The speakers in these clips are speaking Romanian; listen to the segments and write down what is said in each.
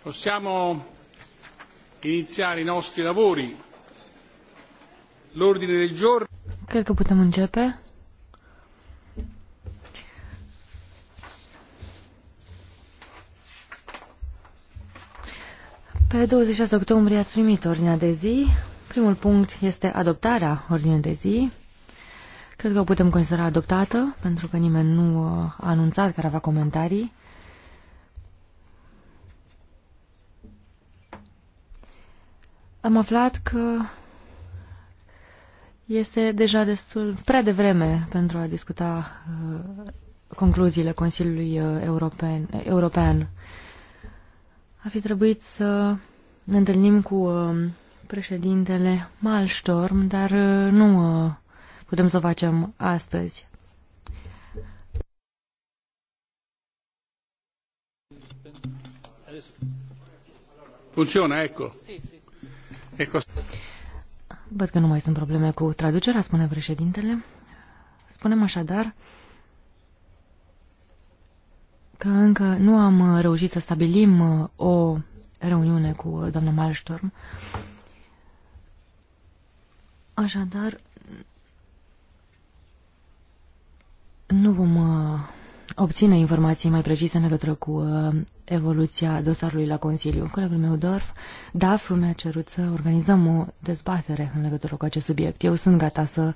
Possiamo iniziare i nostri lavori. L'ordine del giorno. Cred că putem începe. Pe 26 octombrie ați primit ordinea de zi. Primul punct este adoptarea ordinei de zi. Cred că o putem considera adoptată, pentru că nimeni nu uh, a anunțat care avea comentarii. Am aflat că este deja destul prea devreme pentru a discuta uh, concluziile Consiliului uh, European, European. A fi trebuit să ne întâlnim cu uh, președintele Malstorm, dar uh, nu uh, putem să o facem astăzi. Funcționează, ecco. Ecco. Văd că nu mai sunt probleme cu traducerea, spune președintele. Spunem așadar că încă nu am reușit să stabilim uh, o reuniune cu uh, doamna Malstorm. Așadar, nu vom uh, obține informații mai precise în legătură cu uh, evoluția dosarului la Consiliu. Colegul meu, Dorf, DAF, mi-a cerut să organizăm o dezbatere în legătură cu acest subiect. Eu sunt gata să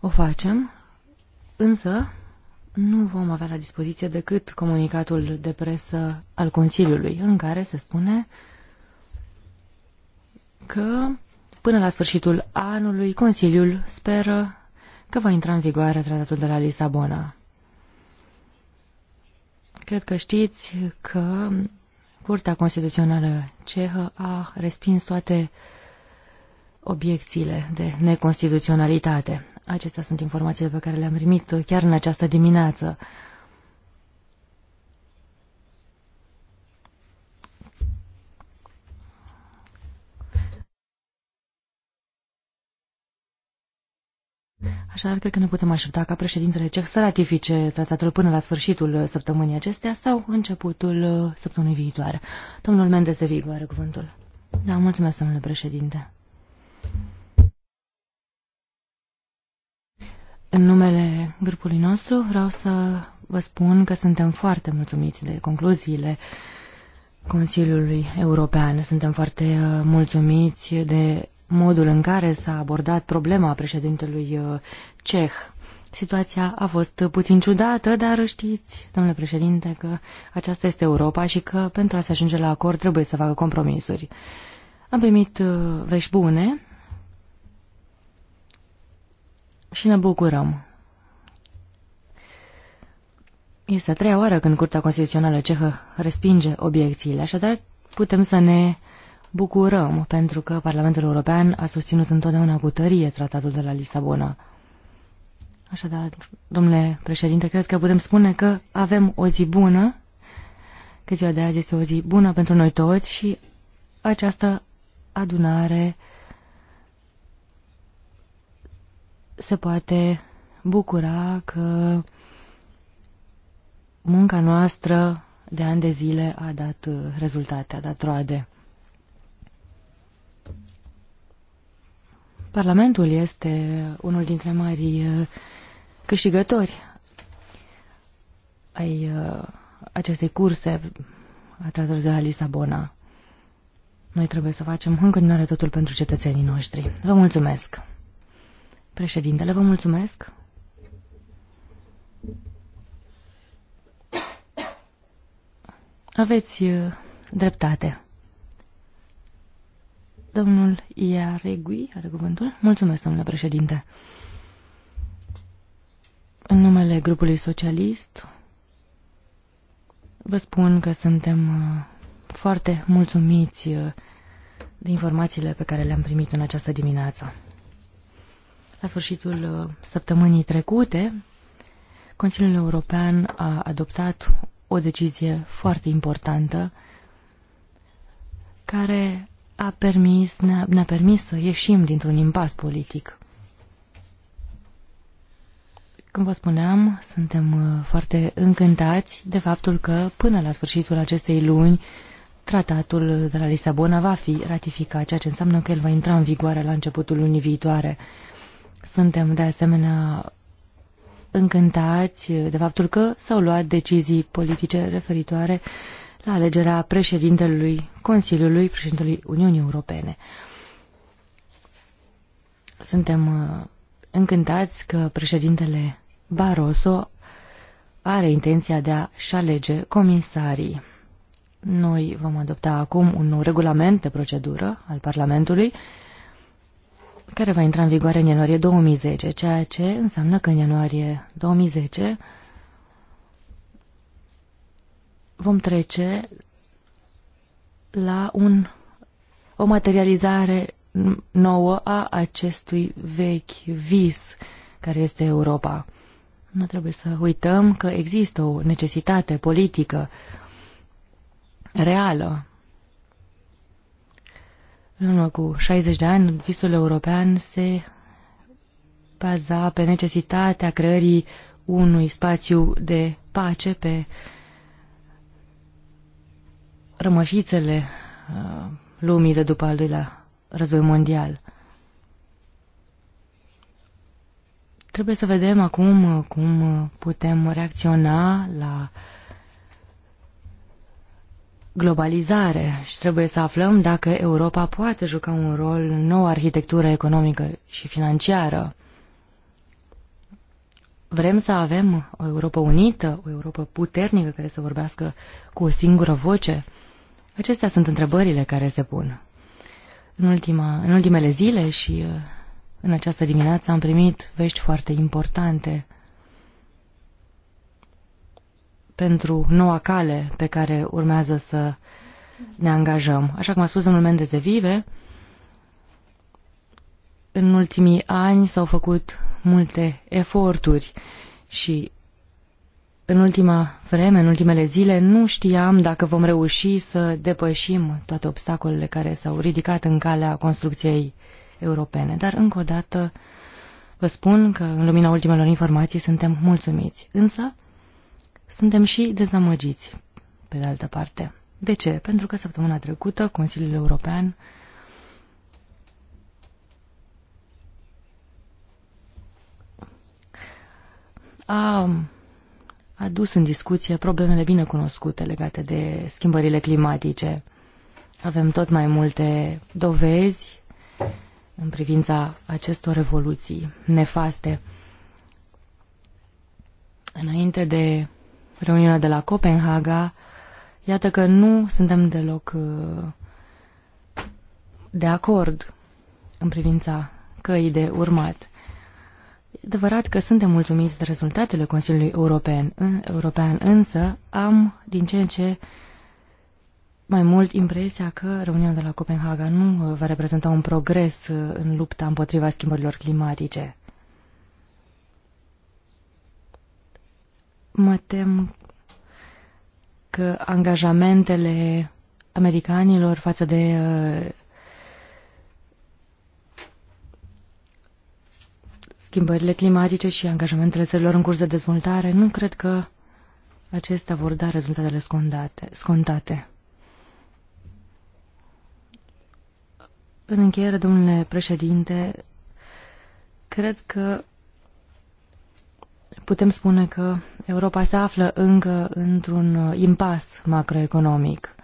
o facem, însă nu vom avea la dispoziție decât comunicatul de presă al Consiliului, în care se spune că până la sfârșitul anului Consiliul speră că va intra în vigoare tratatul de la Lisabona. Cred că știți că Curtea Constituțională Cehă a respins toate obiecțiile de neconstituționalitate. Acestea sunt informațiile pe care le-am primit chiar în această dimineață. Așa, cred că ne putem aștepta ca președintele cec să ratifice tratatul până la sfârșitul uh, săptămânii acestea sau începutul uh, săptămânii viitoare. Domnul Mendes de Vigo are cuvântul. Da, mulțumesc, domnule președinte. În numele grupului nostru vreau să vă spun că suntem foarte mulțumiți de concluziile Consiliului European. Suntem foarte uh, mulțumiți de modul în care s-a abordat problema președintelui uh, ceh. Situația a fost puțin ciudată, dar știți, domnule președinte, că aceasta este Europa și că pentru a se ajunge la acord trebuie să facă compromisuri. Am primit uh, vești bune și ne bucurăm. Este a treia oară când Curtea Constituțională Cehă respinge obiecțiile, așadar putem să ne bucurăm pentru că Parlamentul European a susținut întotdeauna cu tărie tratatul de la Lisabona. Așadar, domnule președinte, cred că putem spune că avem o zi bună, că ziua de azi este o zi bună pentru noi toți și această adunare se poate bucura că munca noastră de ani de zile a dat rezultate, a dat roade. Parlamentul este unul dintre mari uh, câștigători ai uh, acestei curse a tratatului de la Lisabona. Noi trebuie să facem în continuare totul pentru cetățenii noștri. Vă mulțumesc. Președintele, vă mulțumesc. Aveți uh, dreptate. Domnul Iaregui are cuvântul. Mulțumesc, domnule președinte. În numele grupului socialist vă spun că suntem uh, foarte mulțumiți uh, de informațiile pe care le-am primit în această dimineață. La sfârșitul uh, săptămânii trecute, Consiliul European a adoptat o decizie foarte importantă care a permis, ne-a, ne permis să ieșim dintr-un impas politic. Cum vă spuneam, suntem uh, foarte încântați de faptul că până la sfârșitul acestei luni tratatul de la Lisabona va fi ratificat, ceea ce înseamnă că el va intra în vigoare la începutul lunii viitoare. Suntem de asemenea încântați de faptul că s-au luat decizii politice referitoare uh, la alegerea președintelui Consiliului, președintelui Uniunii Europene. Suntem uh, încântați că președintele Barroso are intenția de a-și alege comisarii. Noi vom adopta acum un nou regulament de procedură al Parlamentului care va intra în vigoare în ianuarie 2010, ceea ce înseamnă că în ianuarie 2010 vom trece la un, o materializare nouă a acestui vechi vis care este Europa. Nu trebuie să uităm că există o necesitate politică reală. În urmă cu 60 de ani, visul european se baza pe necesitatea creării unui spațiu de pace pe uh, rămășițele uh, lumii de după al doilea război mondial. Trebuie să vedem acum uh, cum uh, putem reacționa la globalizare și trebuie să aflăm dacă Europa poate juca un rol în noua arhitectură economică și financiară. Vrem să avem o Europa unită, o Europa puternică care să vorbească cu o singură voce? Acestea sunt întrebările care se pun. În, ultima, în ultimele zile și uh, în această dimineață am primit vești foarte importante pentru noua cale pe care urmează să ne angajăm. Așa cum a spus domnul Mendez de Vive, în ultimii ani s-au făcut multe eforturi și în ultima vreme, în ultimele zile, nu știam dacă vom reuși să depășim toate obstacolele care s-au ridicat în calea construcției europene. Dar, încă o dată, vă spun că, în lumina ultimelor informații, suntem mulțumiți. Însă, suntem și dezamăgiți, pe de altă parte. De ce? Pentru că săptămâna trecută Consiliul European a adus în discuție problemele bine cunoscute legate de schimbările climatice. Avem tot mai multe dovezi în privința acestor revoluții nefaste. Înainte de reuniunea de la Copenhaga, iată că nu suntem deloc uh, de acord în privința căii de urmat adevărat că suntem mulțumiți de rezultatele Consiliului European, European, însă am din ce în ce mai mult impresia că reuniunea de la Copenhaga nu uh, va reprezenta un progres uh, în lupta împotriva schimbărilor climatice. Mă tem că angajamentele americanilor față de uh, schimbările climatice și angajamentele țărilor în curs de dezvoltare, nu cred că acestea vor da rezultatele scondate, scontate. În încheiere, domnule președinte, cred că putem spune că Europa se află încă într-un uh, impas macroeconomic.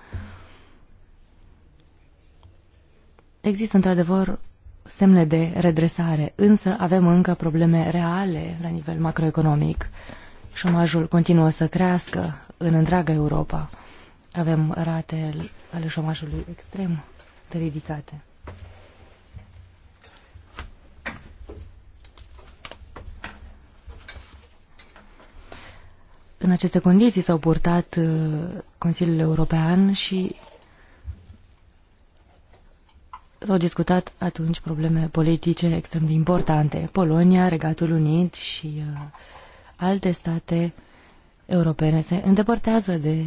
Există într-adevăr semne de redresare, însă avem încă probleme reale la nivel macroeconomic. Șomajul continuă să crească în întreaga Europa. Avem rate ale șomajului extrem de ridicate. În aceste condiții s-au purtat uh, Consiliul European și s-au discutat atunci probleme politice extrem de importante. Polonia, Regatul Unit și uh, alte state europene se îndepărtează de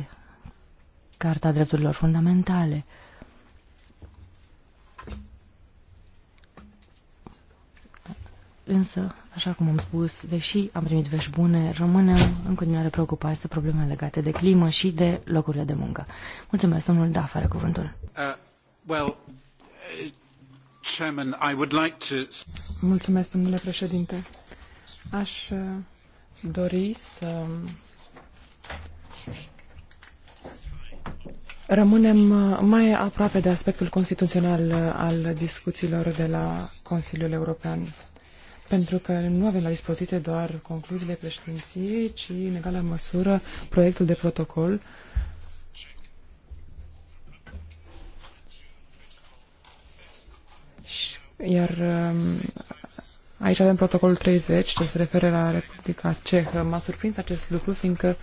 Carta Drepturilor Fundamentale. Însă, așa cum am spus, deși am primit vești bune, rămânem în continuare preocupați de probleme legate de climă și de locurile de muncă. Mulțumesc, domnul Dafare, cuvântul. Uh, well, domnule președinte. Aș uh, dori să Rămânem uh, mai aproape de aspectul constituțional uh, al discuțiilor de la Consiliul European, pentru că nu avem la dispoziție doar concluziile președinției, ci, în egală măsură, proiectul de protocol Iar um, aici avem protocolul 30, ce se referă la Republica Cehă. M-a surprins acest lucru, fiindcă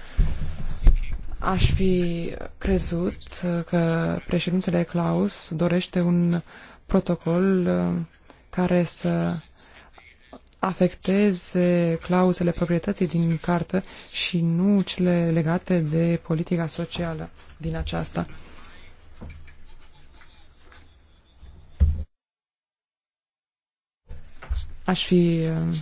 aș fi crezut că președintele Klaus dorește un protocol um, care să afecteze clauzele proprietății din cartă și nu cele legate de politica socială din aceasta. Aș fi um,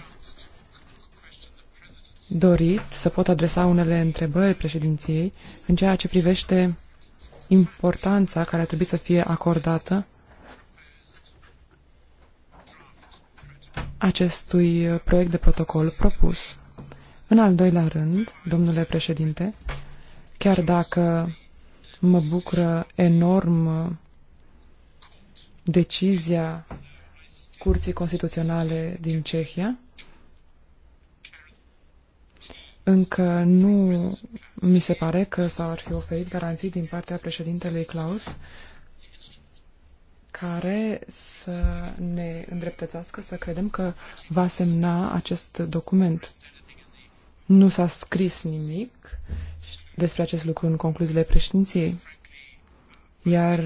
dorit să pot adresa unele întrebări președinției în ceea ce privește importanța care ar trebui să fie acordată acestui proiect de protocol propus. În al doilea rând, domnule președinte, chiar dacă mă bucură enorm uh, decizia Curții Constituționale din Cehia. Încă nu mi se pare că s-ar fi oferit garanții din partea președintelui Klaus care să ne îndreptățească să credem că va semna acest document. Nu s-a scris nimic despre acest lucru în concluziile președinției. Iar,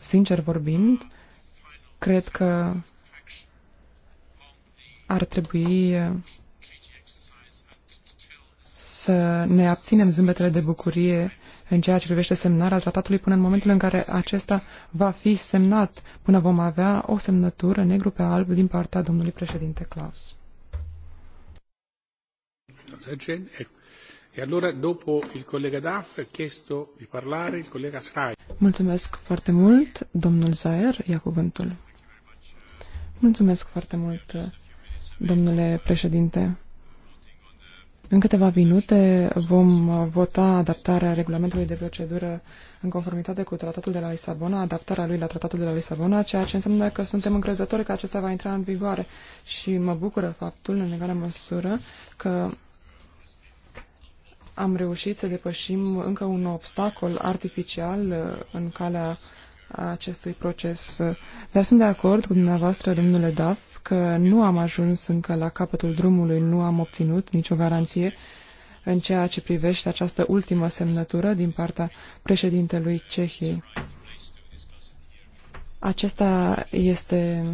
sincer vorbind, Cred că ar trebui să ne abținem zâmbetele de bucurie în ceea ce privește semnarea tratatului până în momentul în care acesta va fi semnat, până vom avea o semnătură negru pe alb din partea domnului președinte Claus. E allora dopo il collega ha chiesto di parlare il collega Mulțumesc foarte mult, domnul Zaer, ia cuvântul. Mulțumesc foarte mult, domnule președinte. În câteva minute vom vota adaptarea regulamentului de procedură în conformitate cu tratatul de la Lisabona, adaptarea lui la tratatul de la Lisabona, ceea ce înseamnă că suntem încrezători că acesta va intra în vigoare. Și mă bucură faptul, în egală măsură, că am reușit să depășim încă un obstacol artificial uh, în calea uh, acestui proces. Dar sunt de acord cu dumneavoastră, domnule Daf, că nu am ajuns încă la capătul drumului, nu am obținut nicio garanție în ceea ce privește această ultimă semnătură din partea președintelui Cehiei. Acesta este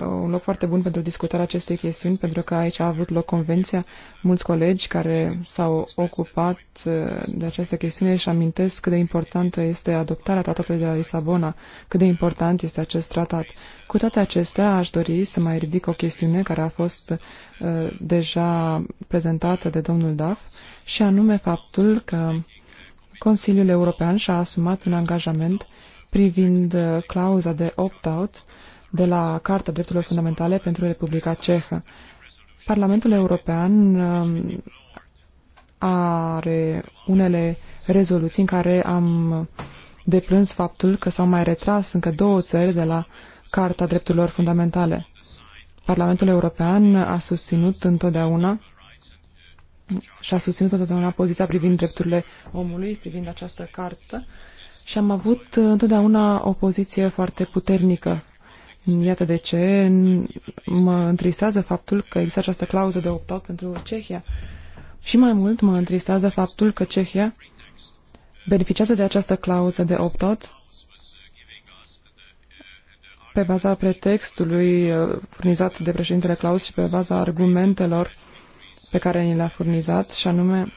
un loc foarte bun pentru discutarea acestei chestiuni, pentru că aici a avut loc convenția. Mulți colegi care s-au ocupat eh, de această chestiune și amintesc cât de importantă este adoptarea tratatului de la Lisabona, cât de important este acest tratat. Cu toate acestea, aș dori să mai ridic o chestiune care a fost uh, deja prezentată de domnul Daf, și anume faptul că Consiliul European și-a asumat un angajament privind eh, clauza de opt-out de la Carta Drepturilor Fundamentale pentru Republica Cehă. Parlamentul European um, are unele rezoluții în care am deplâns faptul că s-au mai retras încă două țări de la Carta Drepturilor Fundamentale. Parlamentul European a susținut întotdeauna și a susținut întotdeauna poziția privind drepturile omului, privind această cartă și am avut întotdeauna o poziție foarte puternică Iată de ce mă întristează faptul că există această clauză de opt-out pentru Cehia. Și mai mult mă întristează faptul că Cehia beneficiază de această clauză de opt-out pe baza pretextului uh, furnizat de președintele Claus și pe baza argumentelor pe care ni le-a furnizat, și anume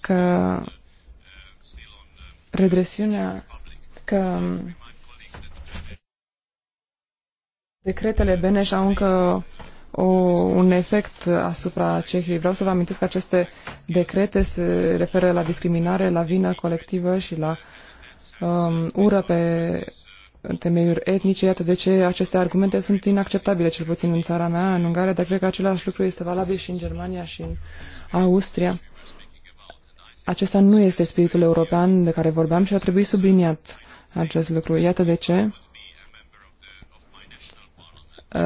că redresiunea, că Decretele Beneș au încă o, un efect asupra cehii. Vreau să vă amintesc că aceste decrete se referă la discriminare, la vină colectivă și la um, ură pe temeiuri etnice. Iată de ce aceste argumente sunt inacceptabile, cel puțin în țara mea, în Ungaria, dar cred că același lucru este valabil și în Germania și în Austria. Acesta nu este spiritul european de care vorbeam și ar trebui subliniat acest lucru. Iată de ce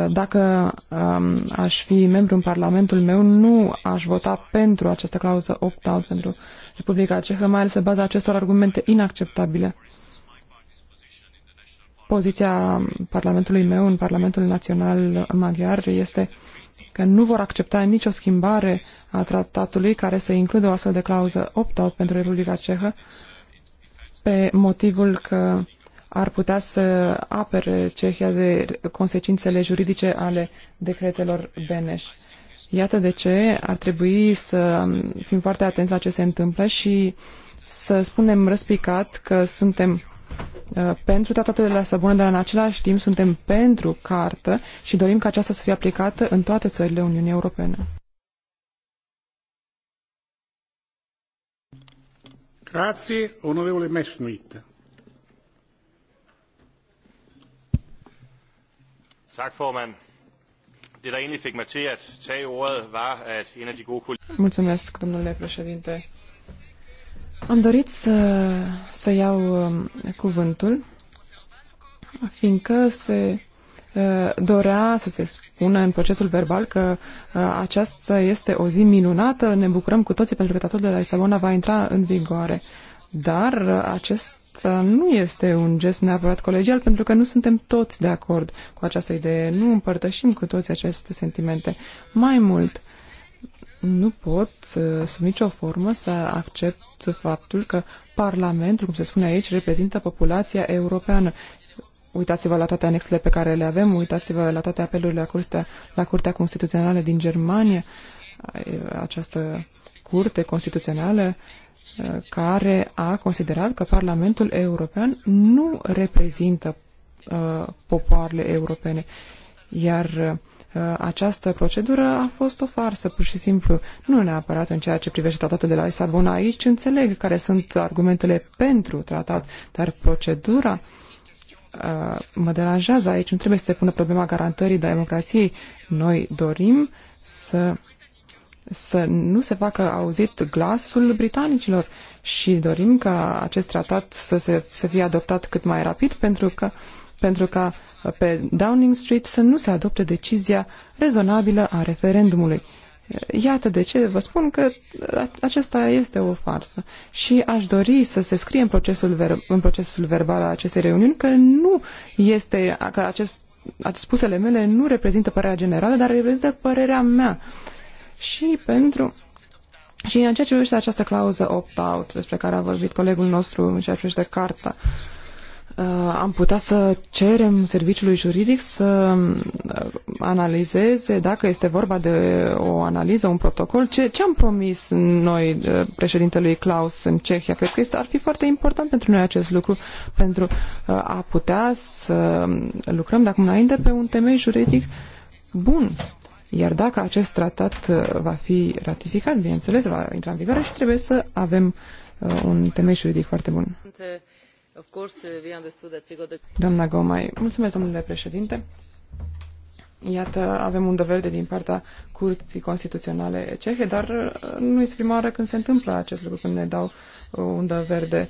dacă um, aș fi membru în Parlamentul meu, nu aș vota pentru această clauză opt-out pentru Republica Cehă, mai ales pe baza acestor argumente inacceptabile. Poziția Parlamentului meu în Parlamentul Național Maghiar este că nu vor accepta nicio schimbare a tratatului care să includă o astfel de clauză opt-out pentru Republica Cehă pe motivul că ar putea să apere Cehia de consecințele juridice ale decretelor Beneș. Iată de ce ar trebui să fim foarte atenți la ce se întâmplă și să spunem răspicat că suntem uh, pentru tratatul de la Sabona, dar în același timp suntem pentru cartă și dorim ca aceasta să fie aplicată în toate țările Uniunii Europene. Grazie, onorevole Messerschmidt. Tak, formand. Det, der egentlig fik mig til at tage ordet, var, at en af de gode kolleger... Mulțumesc, domnule președinte. Am dorit să, să iau um, cuvântul, fiindcă se uh, dorea să se spună în procesul verbal că uh, aceasta este o zi minunată, ne bucurăm cu toții pentru că tratatul de la Lisabona va intra în vigoare. Dar uh, acest acesta nu este un gest neapărat colegial, pentru că nu suntem toți de acord cu această idee, nu împărtășim cu toți aceste sentimente. Mai mult, nu pot, uh, sub nicio formă, să accept faptul că Parlamentul, cum se spune aici, reprezintă populația europeană. Uitați-vă la toate anexele pe care le avem, uitați-vă la toate apelurile la Curtea, la curtea Constituțională din Germania, uh, această curte constituțională care a considerat că Parlamentul European nu reprezintă uh, popoarele europene, iar uh, această procedură a fost o farsă, pur și simplu, nu neapărat în ceea ce privește tratatul de la Lisabona. Aici înțeleg care sunt argumentele pentru tratat, dar procedura uh, mă deranjează aici. Nu trebuie să se pună problema garantării democrației. Noi dorim să uh, să nu se facă auzit glasul britanicilor și dorim ca acest tratat să, se, să fie adoptat cât mai rapid pentru că pentru ca pe Downing Street să nu se adopte decizia rezonabilă a referendumului. Iată de ce vă spun că acesta este o farsă și aș dori să se scrie în procesul, ver- în procesul verbal al acestei reuniuni că nu este, că acest, spusele mele nu reprezintă părerea generală, dar reprezintă părerea mea. Uh, și pentru și în ceea ce privește această clauză opt-out despre care a vorbit colegul nostru în ceea ce privește carta, uh, am putea să cerem serviciului juridic să uh, analizeze dacă este vorba de o analiză, un protocol. Ce, ce am promis noi uh, președintelui Klaus în Cehia? Cred că este, ar fi foarte important pentru noi acest lucru, pentru a putea să lucrăm de acum înainte pe un temei juridic bun iar dacă acest tratat uh, va fi ratificat, bineînțeles, va intra în vigoare și trebuie să avem uh, un temei juridic foarte bun. Uh, Doamna Gomai, mulțumesc, domnule președinte. Iată, avem un verde din partea Curții Constituționale Cehe, dar nu este prima oară când se întâmplă acest lucru, când ne dau undă verde.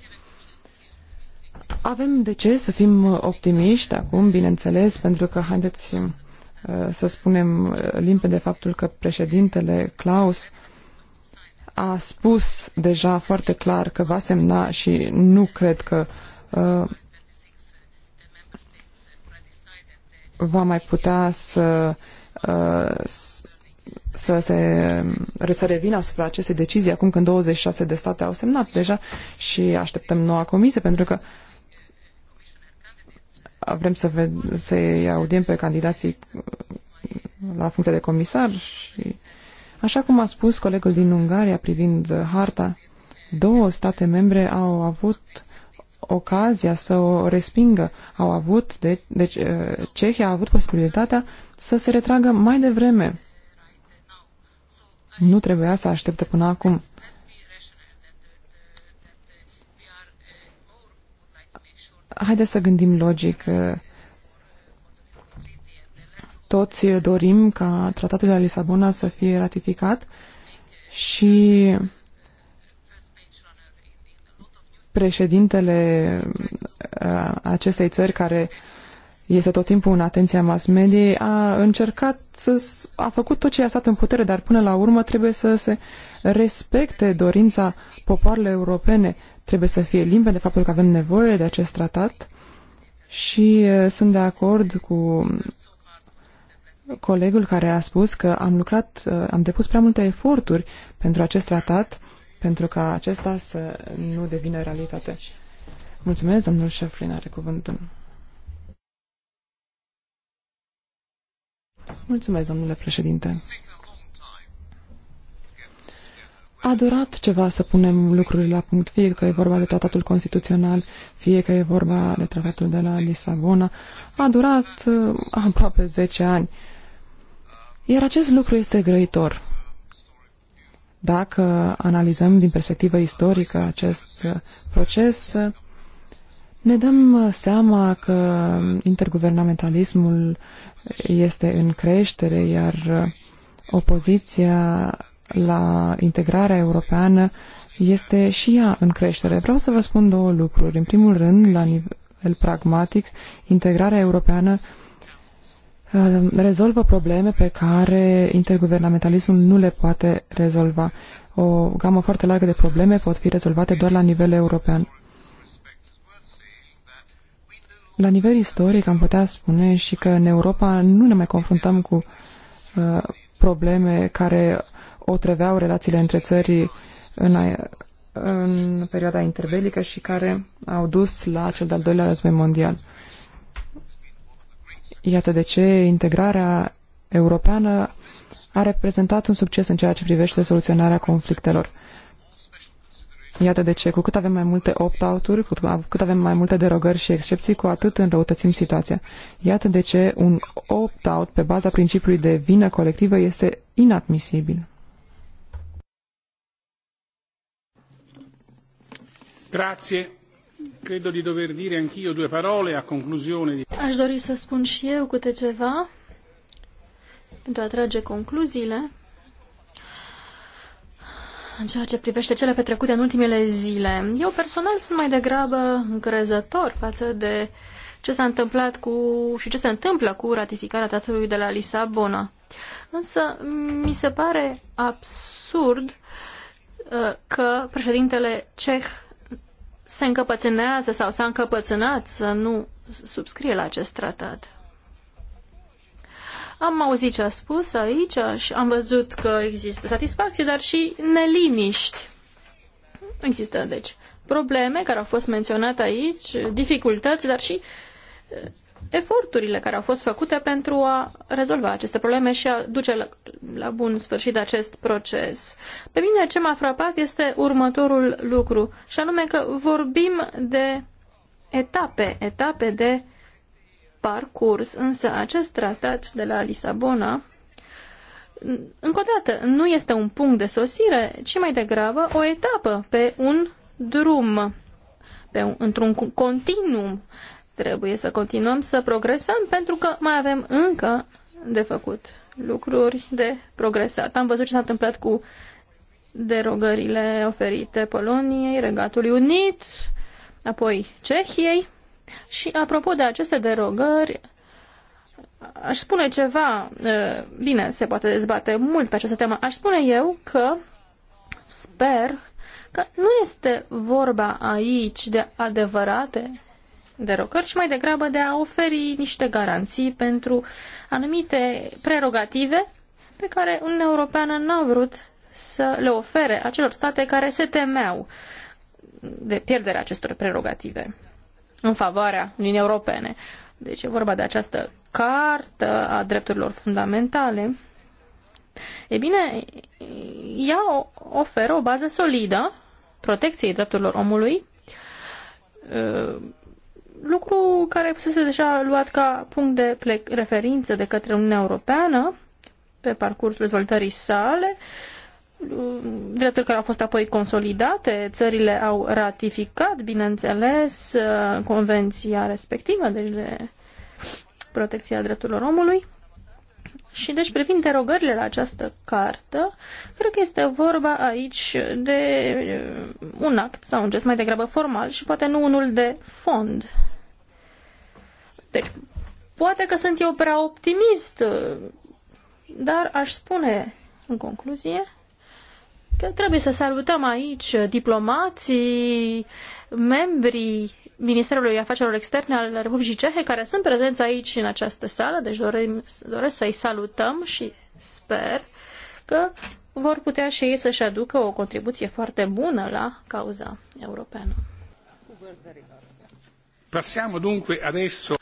Avem de ce să fim optimiști acum, bineînțeles, pentru că, haideți, um, Eh, să spunem eh, limpede faptul că președintele Klaus a spus deja foarte clar că va semna și nu cred că eh, va mai putea să, să se să revină asupra acestei decizii acum când 26 de state au semnat deja și așteptăm noua comisie pentru că vrem să, ved- să audiem pe candidații la funcție de comisar și, așa cum a spus colegul din Ungaria privind harta, două state membre au avut ocazia să o respingă. Au avut, de, deci eh, Cehia a avut posibilitatea să se retragă mai devreme. Nu trebuia să aștepte până acum. Haideți să gândim logic. Toți dorim ca tratatul de la Lisabona să fie ratificat și președintele uh, acestei țări care este tot timpul în atenția mass mediei, a încercat să a făcut tot ce a stat în putere, dar până la urmă trebuie să se respecte dorința uh, popoarele europene trebuie să fie limpe de faptul că avem nevoie de acest tratat și sunt de acord cu colegul care a spus că am lucrat, am depus prea multe eforturi pentru acest tratat, pentru ca acesta să nu devină realitate. Mulțumesc, domnul Șeflin are cuvântul. Mulțumesc, domnule președinte. A durat ceva să punem lucrurile la punct, fie că e vorba de tratatul constituțional, fie că e vorba de tratatul de la Lisabona. A durat uh, aproape 10 ani. Iar acest lucru este grăitor. Dacă analizăm din perspectivă istorică acest uh, proces, uh, ne dăm seama că interguvernamentalismul este în creștere, iar opoziția la integrarea europeană este și ea în creștere. Vreau să vă spun două lucruri. În primul rând, la nivel pragmatic, integrarea europeană uh, rezolvă probleme pe care interguvernamentalismul nu le poate rezolva. O gamă foarte largă de probleme pot fi rezolvate doar la nivel european. La nivel istoric am putea spune și că în Europa nu ne mai confruntăm cu uh, probleme care otrăveau relațiile între țări în, în perioada interbelică și care au dus la cel de-al doilea război mondial. Iată de ce integrarea europeană a reprezentat un succes în ceea ce privește soluționarea conflictelor. Iată de ce, cu cât avem mai multe opt-out-uri, cu cât avem mai multe derogări și excepții, cu atât înrăutățim situația. Iată de ce un opt-out pe baza principiului de vină colectivă este inadmisibil. Grazie. Credo di dover dire anch'io due parole a conclusione di... Aș dori să spun și eu câte ceva pentru a trage concluziile în ceea ce privește cele petrecute în ultimele zile. Eu personal sunt mai degrabă încrezător față de ce s-a întâmplat cu și ce se întâmplă cu ratificarea tratatului de la Lisabona. Însă mi se pare absurd uh, că președintele ceh se încăpățânează sau s-a încăpățânat să nu subscrie la acest tratat. Am auzit ce a spus aici și am văzut că există satisfacție, dar și neliniști. Există, deci, probleme care au fost menționate aici, dificultăți, dar și eforturile care au fost făcute pentru a rezolva aceste probleme și a duce la, la bun sfârșit acest proces. Pe mine ce m-a frapat este următorul lucru, și anume că vorbim de etape, etape de parcurs, însă acest tratat de la Lisabona încă o dată, nu este un punct de sosire, ci mai degrabă o etapă pe un drum, pe un, într-un continuum Trebuie să continuăm să progresăm pentru că mai avem încă de făcut lucruri de progresat. Am văzut ce s-a întâmplat cu derogările oferite Poloniei, Regatului Unit, apoi Cehiei. Și apropo de aceste derogări, aș spune ceva, bine, se poate dezbate mult pe această temă, aș spune eu că sper că nu este vorba aici de adevărate derogări, ci mai degrabă de a oferi niște garanții pentru anumite prerogative pe care Uniunea Europeană n-a vrut să le ofere acelor state care se temeau de pierderea acestor prerogative în favoarea Uniunii Europene. Deci e vorba de această cartă a drepturilor fundamentale. E bine, ea oferă o bază solidă protecției drepturilor omului lucru care fusese deja luat ca punct de plec, referință de către Uniunea Europeană pe parcursul dezvoltării sale, drepturi care au fost apoi consolidate, țările au ratificat, bineînțeles, convenția respectivă, deci de protecția drepturilor omului. Și deci, privind interogările la această cartă, cred că este vorba aici de un act sau un gest mai degrabă formal și poate nu unul de fond. Deci, poate că sunt eu prea optimist, dar aș spune, în concluzie, că trebuie să salutăm aici diplomații, membrii Ministerului Afacerilor Externe al Republicii Cehe, care sunt prezenți aici în această sală, deci dorim, doresc să-i salutăm și sper că vor putea și ei să-și aducă o contribuție foarte bună la cauza europeană. Passiamo dunque adesso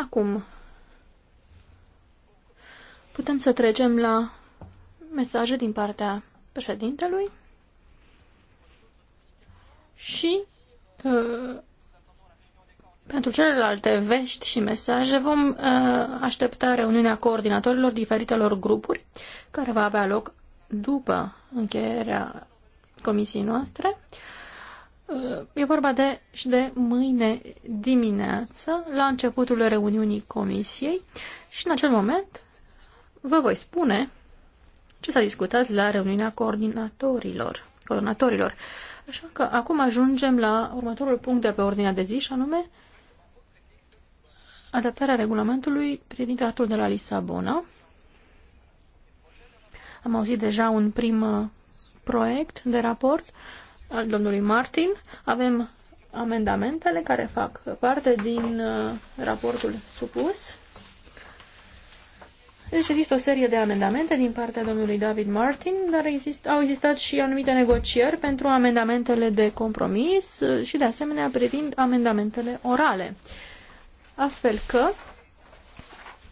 Acum putem să trecem la mesaje din partea președintelui și uh, pentru celelalte vești și mesaje vom uh, aștepta reuniunea coordinatorilor diferitelor grupuri care va avea loc după încheierea comisiei noastre. Uh, Uh, e vorba de, și de mâine dimineață, la începutul reuniunii comisiei și în acel moment vă voi spune ce s-a discutat la reuniunea coordinatorilor. coordonatorilor. Așa că acum ajungem la următorul punct de pe ordinea de zi și anume adaptarea regulamentului privind tratatul de la Lisabona. Am auzit deja un prim uh, proiect de raport al domnului Martin. Avem amendamentele care fac parte din uh, raportul supus. Deci există o serie de amendamente din partea domnului David Martin, dar exist, au existat și anumite negocieri pentru amendamentele de compromis uh, și de asemenea privind amendamentele orale. Astfel că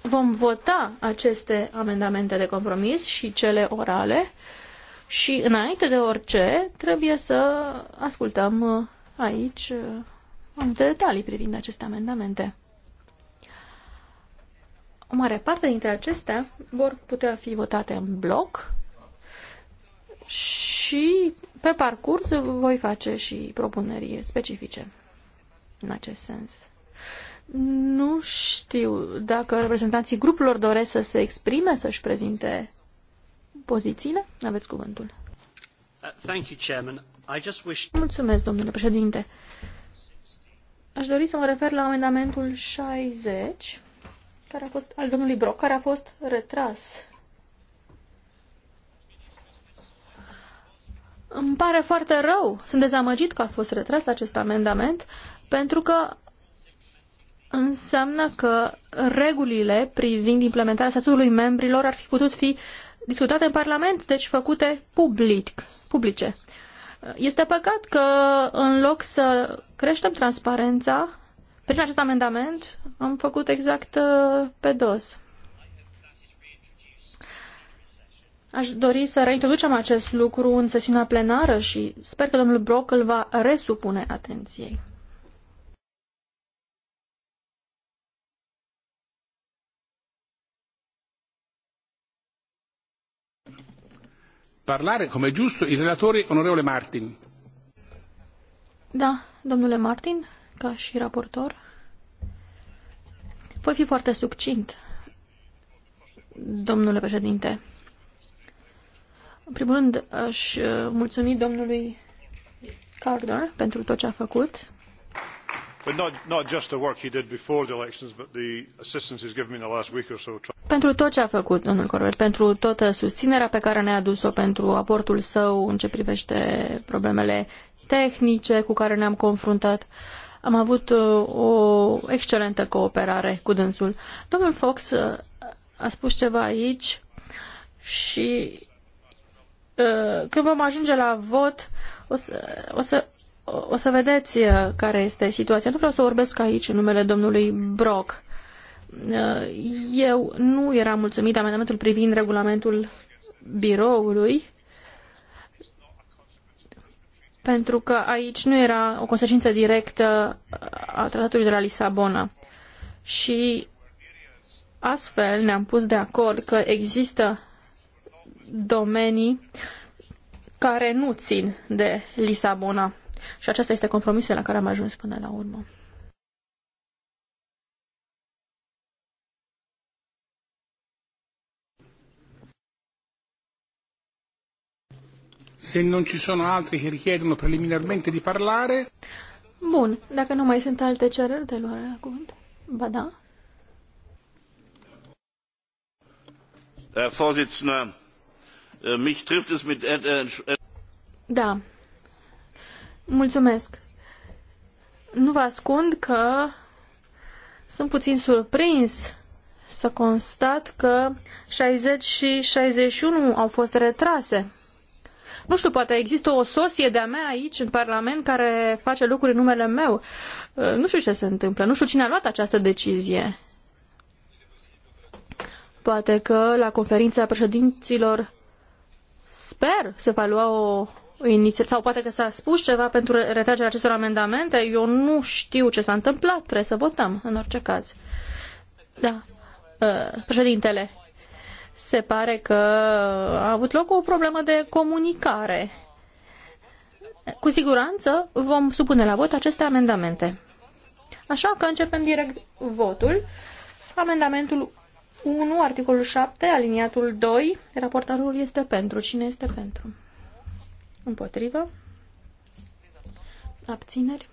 vom vota aceste amendamente de compromis și cele orale și înainte de orice, trebuie să ascultăm uh, aici multe uh, detalii privind aceste amendamente. O mare parte dintre acestea vor putea fi votate în bloc și pe parcurs voi face și propuneri specifice în acest sens. Nu știu dacă reprezentanții grupurilor doresc să se exprime, să-și prezinte pozițiile? Aveți cuvântul. Uh, Mulțumesc, domnule președinte. Aș dori să mă refer la amendamentul 60 care a fost, al domnului Brok, care a fost retras. Îmi pare foarte rău, sunt dezamăgit că a fost retras acest amendament, pentru că înseamnă că regulile privind implementarea statutului membrilor ar fi putut fi discutate în Parlament, deci făcute public, publice. Este păcat că în loc să creștem transparența, prin acest amendament am făcut exact uh, pe dos. Aș dori să reintroducem acest lucru în sesiunea plenară și sper că domnul Brock îl va resupune atenției. parlare, come giusto, il relatore onorevole Martin. Da, domnule Martin, ca și raportor, voi fi foarte succint, domnule președinte. În primul rând, aș uh, mulțumi domnului Cardor pentru tot ce a făcut. But not, not just the work he did before the elections, but the assistance he's given me in the last week or so pentru tot ce a făcut domnul Corbett, pentru toată susținerea pe care ne-a adus-o, pentru aportul său în ce privește problemele tehnice cu care ne-am confruntat. Am avut uh, o excelentă cooperare cu dânsul. Domnul Fox uh, a spus ceva aici și uh, când vom ajunge la vot, o să, o să o să vedeți care este situația. Nu vreau să vorbesc aici în numele domnului Brock, Eh, eu nu eram mulțumit de amendamentul privind regulamentul biroului, pentru că aici nu era o consecință directă a tratatului de la Lisabona. Și astfel ne-am pus de acord că există domenii care nu țin de Lisabona. Și acesta este compromisul la care am ajuns până la urmă. Se non ci sono altri che richiedono preliminarmente di parlare... Bun, dacă nu mai sunt alte cereri de luare la cuvânt. Ba da. Äh, da. Mulțumesc. Nu vă ascund că sunt puțin surprins să constat că 60 și 61 au fost retrase. Nu știu, poate există o sosie de-a mea aici, în Parlament, care face lucruri în numele meu. Uh, nu știu ce se întâmplă. Nu știu cine a luat această decizie. Poate că la conferința președinților sper se va lua o inițiativă, sau poate că s-a spus ceva pentru retragerea acestor amendamente. Eu nu știu ce s-a întâmplat. Trebuie să votăm, în orice caz. Da. Uh, președintele, se pare că a avut loc o problemă de comunicare. Cu siguranță vom supune la vot aceste amendamente. Așa că începem direct votul. Amendamentul 1, articolul 7, aliniatul 2. Raportarul este pentru. Cine este pentru? Împotrivă? Abțineri?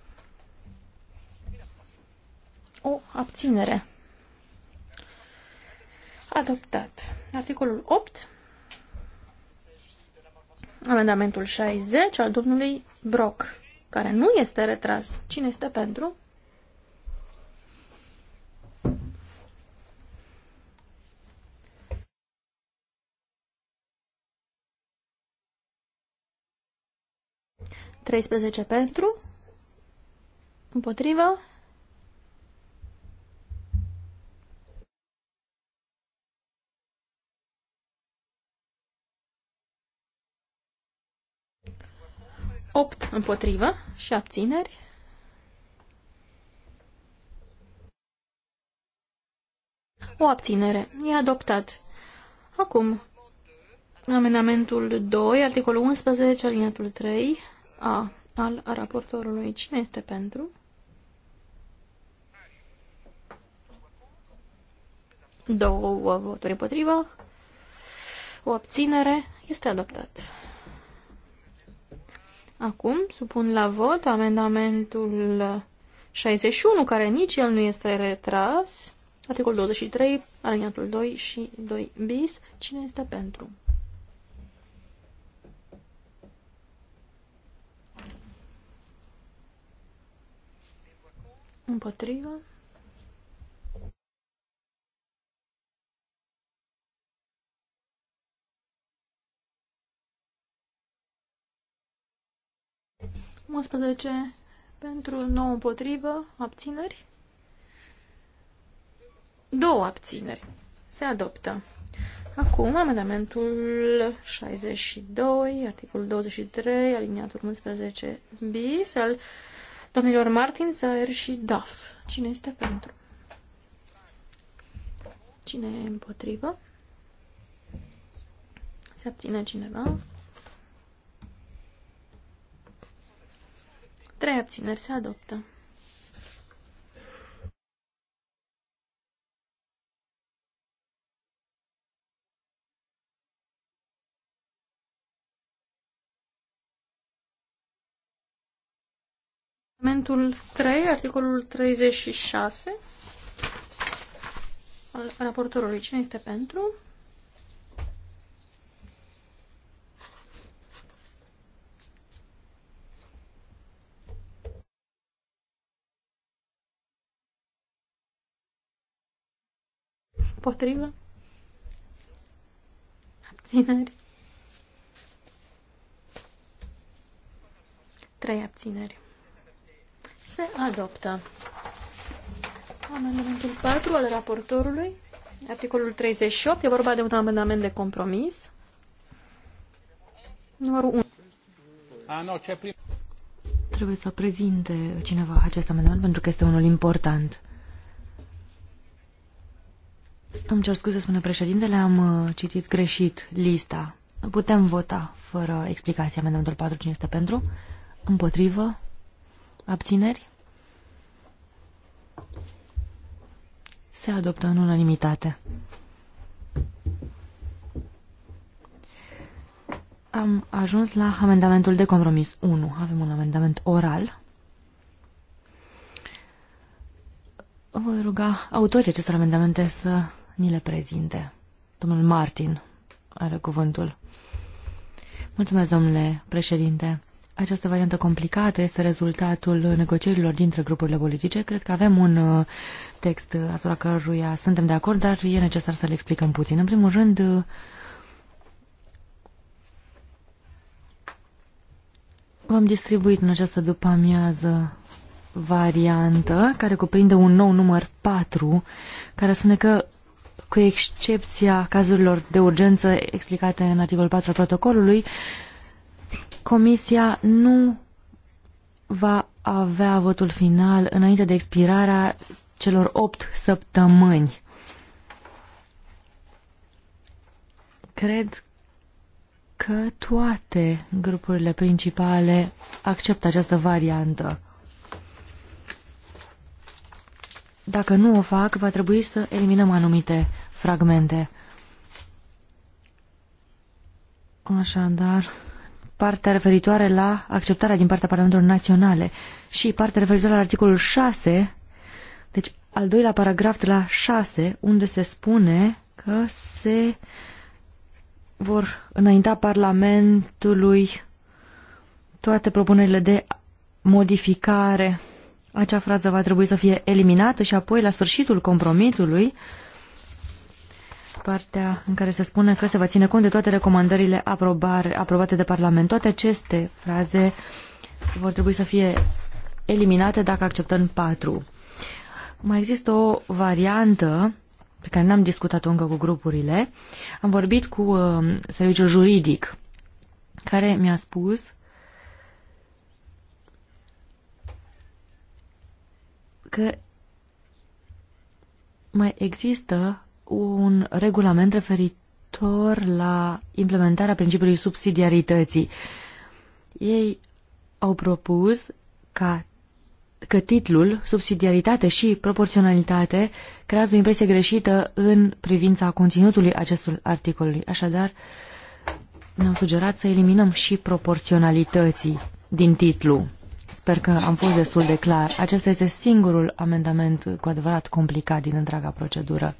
O abținere. Adoptat. Articolul 8. Amendamentul 60 al domnului Brock, care nu este retras. Cine este pentru? Treisprezece pentru, împotrivă, 8 împotrivă și abțineri. O abținere. E adoptat. Acum, amendamentul 2, articolul 11, alineatul 3, a, al raportorului. Cine este pentru? Două voturi împotrivă. O abținere. Este adoptat. Acum supun la vot amendamentul 61, care nici el nu este retras. Articol 23, alineatul 2 și 2 bis. Cine este pentru? Împotrivă. 11 pentru, 9 împotrivă, abțineri. Două abțineri. Se adoptă. Acum, amendamentul 62, articolul 23, aliniatul 11 bis al domnilor Martin, Zaer și Duff. Cine este pentru? Cine e împotrivă? Se abține cineva? Trei abțineri se adoptă. Amendamentul 3, articolul 36 al raportorului. Cine este pentru? Potrivă? Abțineri? Trei abțineri. Se adoptă. Amendamentul 4 al raportorului, articolul 38, e vorba de un amendament de compromis. Numărul 1. A, nu, ce Trebuie să prezinte cineva acest amendament pentru că este unul important. Îmi cer scuze, spune președintele, am uh, citit greșit lista. Putem vota fără explicație amendamentul 4, cine este pentru? Împotrivă? Abțineri? Se adoptă în unanimitate. Am ajuns la amendamentul de compromis 1. Avem un amendament oral voi ruga autorii acestor amendamente să ni le prezinte. Domnul Martin are cuvântul. Mulțumesc, domnule președinte. Această variantă complicată este rezultatul negocierilor dintre grupurile politice. Cred că avem un uh, text asupra căruia suntem de acord, dar e necesar să le explicăm puțin. În primul rând, uh, v-am distribuit în această după-amiază variantă care cuprinde un nou număr 4 care spune că cu excepția cazurilor de urgență explicate în articolul 4 al protocolului, Comisia nu va avea votul final înainte de expirarea celor 8 săptămâni. Cred că toate grupurile principale acceptă această variantă. Dacă nu o fac, va trebui să eliminăm anumite fragmente. Așadar, partea referitoare la acceptarea din partea Parlamentului Naționale și partea referitoare la articolul 6, deci al doilea paragraf de la 6, unde se spune că se vor înainta Parlamentului toate propunerile de modificare acea frază va trebui să fie eliminată și apoi, la sfârșitul compromitului, partea în care se spune că se va ține cont de toate recomandările aprobare, aprobate de Parlament. Toate aceste fraze vor trebui să fie eliminate dacă acceptăm patru. Mai există o variantă pe care n-am discutat-o încă cu grupurile. Am vorbit cu uh, serviciul juridic care mi-a spus că mai există un regulament referitor la implementarea principiului subsidiarității. Ei au propus ca că titlul, subsidiaritate și proporționalitate creează o impresie greșită în privința conținutului acestul articolului. Așadar, ne-au sugerat să eliminăm și proporționalității din titlu. Sper că am fost destul de clar. Acesta este singurul amendament cu adevărat complicat din întreaga procedură.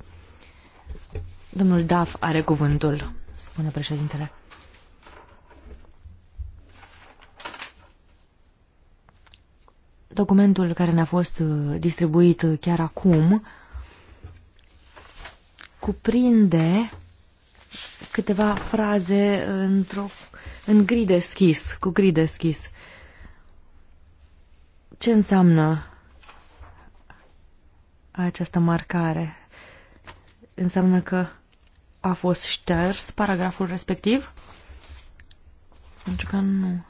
Domnul Daf are cuvântul, spune președintele. Documentul care ne-a fost uh, distribuit uh, chiar acum cuprinde câteva fraze uh, într-o în gri deschis, cu gri deschis. Ce înseamnă această marcare? Înseamnă că a fost șters paragraful respectiv? Pentru că nu...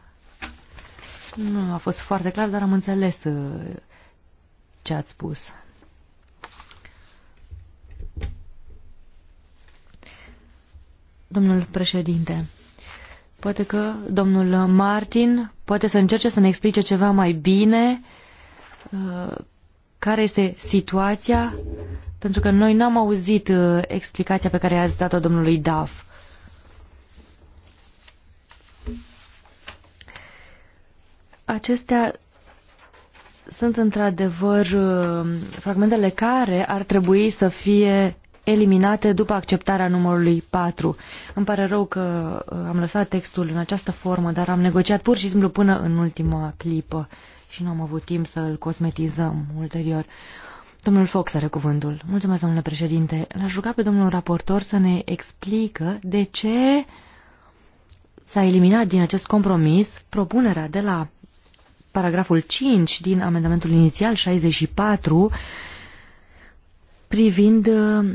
Nu a fost foarte clar, dar am înțeles uh, ce ați spus. Domnul președinte, Poate că domnul Martin poate să încerce să ne explice ceva mai bine uh, care este situația, pentru că noi n-am auzit uh, explicația pe care ați dat-o domnului Daf. Acestea sunt într-adevăr uh, fragmentele care ar trebui să fie eliminate după acceptarea numărului 4. Îmi pare rău că uh, am lăsat textul în această formă, dar am negociat pur și simplu până în ultima clipă și nu am avut timp să îl cosmetizăm ulterior. Domnul Fox are cuvântul. Mulțumesc, domnule președinte. L-aș ruga pe domnul raportor să ne explică de ce s-a eliminat din acest compromis propunerea de la paragraful 5 din amendamentul inițial 64 privind uh,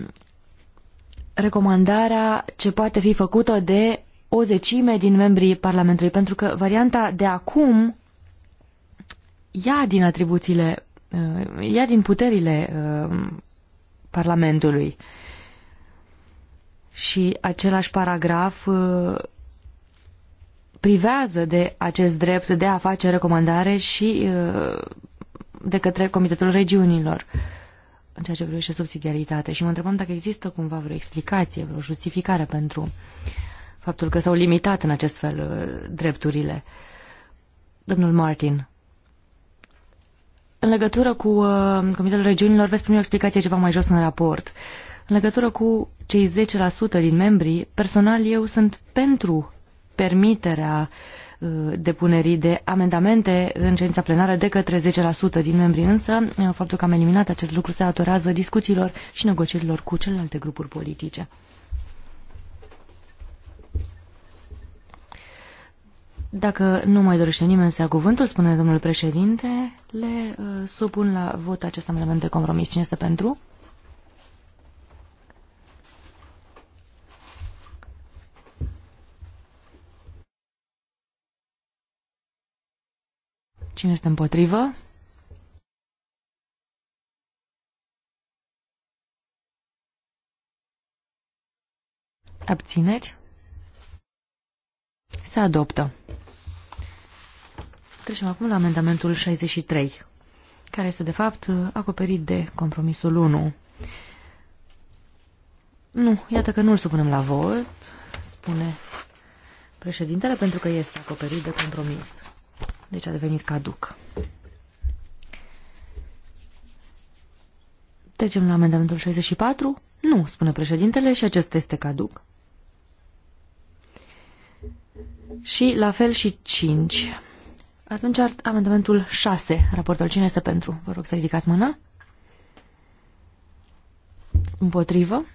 recomandarea ce poate fi făcută de o zecime din membrii Parlamentului, pentru că varianta de acum ia din atribuțiile, uh, ia din puterile uh, Parlamentului. Și același paragraf uh, privează de acest drept de a face recomandare și de către Comitetul Regiunilor în ceea ce privește subsidiaritate și mă întrebam dacă există cumva vreo explicație, vreo justificare pentru faptul că s-au limitat în acest fel uh, drepturile. Domnul Martin, în legătură cu uh, Comitetul Regiunilor, veți primi o explicație ceva mai jos în raport. În legătură cu cei 10% din membrii, personal eu sunt pentru permiterea uh, Uh, depunerii de amendamente în ședința plenară de către 10% din membri, însă uh, faptul că am eliminat acest lucru se datorează discuțiilor și negocierilor cu celelalte grupuri politice. Dacă nu mai dorește nimeni să ia cuvântul, spune domnul președinte, le uh, supun la vot acest amendament de compromis. Cine este pentru? Cine este împotrivă? Abțineri? Se adoptă. Trecem acum la amendamentul 63, care este de fapt acoperit de compromisul 1. Nu, iată că nu-l supunem la vot, spune președintele, pentru că este acoperit de compromis deci a devenit caduc. Trecem la amendamentul 64? Nu, spune președintele, și acest este caduc. Și la fel și 5. Atunci amendamentul 6, raportul cine este pentru? Vă rog să ridicați mâna. Împotrivă.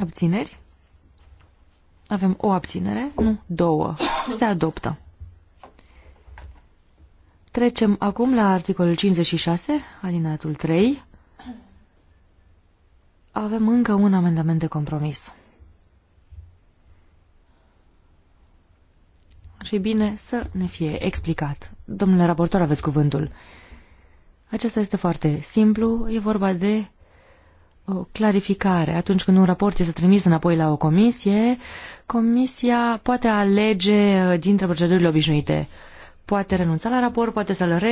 Abțineri. Avem o abținere? Nu, două. Se adoptă. Trecem acum la articolul 56, alineatul 3. Avem încă un amendament de compromis. Ar fi bine să ne fie explicat. Domnule raportor, aveți cuvântul. Acesta este foarte simplu. E vorba de o clarificare. Atunci când un raport este trimis înapoi la o comisie, comisia poate alege uh, dintre procedurile obișnuite. Poate renunța la raport, poate să-l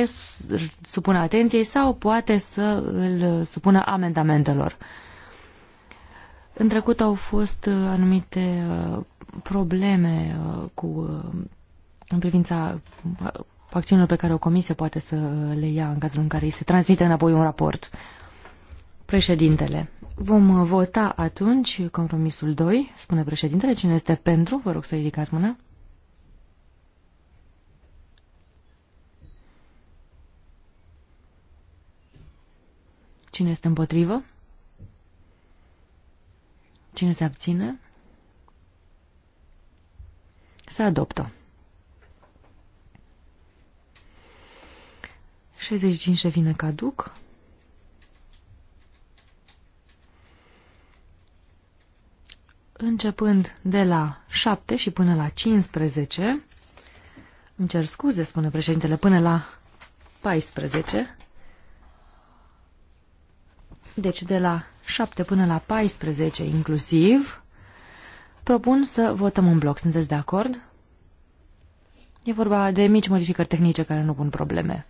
supună atenției sau poate să îl uh, supună amendamentelor. În trecut au fost uh, anumite probleme cu, în privința acțiunilor pe care o comisie poate să le ia în cazul în care îi se transmite înapoi un raport. Președintele, vom uh, vota atunci compromisul 2, spune președintele. Cine este pentru? Vă rog să ridicați mâna. Cine este împotrivă? Cine se abține? Se adoptă. 65 devine caduc. începând de la 7 și până la 15, îmi cer scuze, spune președintele, până la 14, deci de la 7 până la 14 inclusiv, propun să votăm un bloc. Sunteți de acord? E vorba de mici modificări tehnice care nu pun probleme.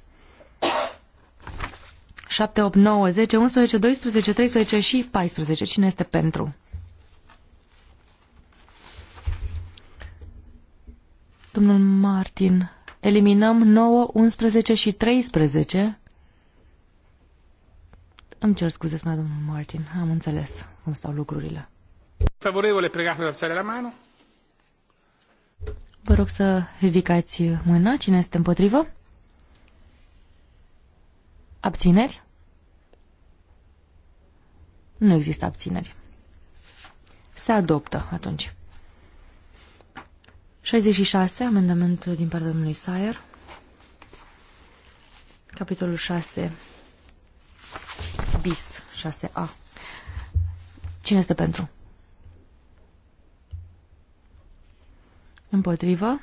7, 8, 9, 10, 11, 12, 13 și 14. Cine este pentru? Domnul Martin, eliminăm 9, 11 și 13. Îmi cer scuze, spune domnul Martin. Am înțeles cum stau lucrurile. Favorevole, pregat de alzare la mano. Vă rog să ridicați mâna. Cine este împotrivă? Abțineri? Nu există abțineri. Se adoptă atunci. 66, amendament din partea domnului Sayer. Capitolul 6 bis, 6a. Cine este pentru? Împotrivă?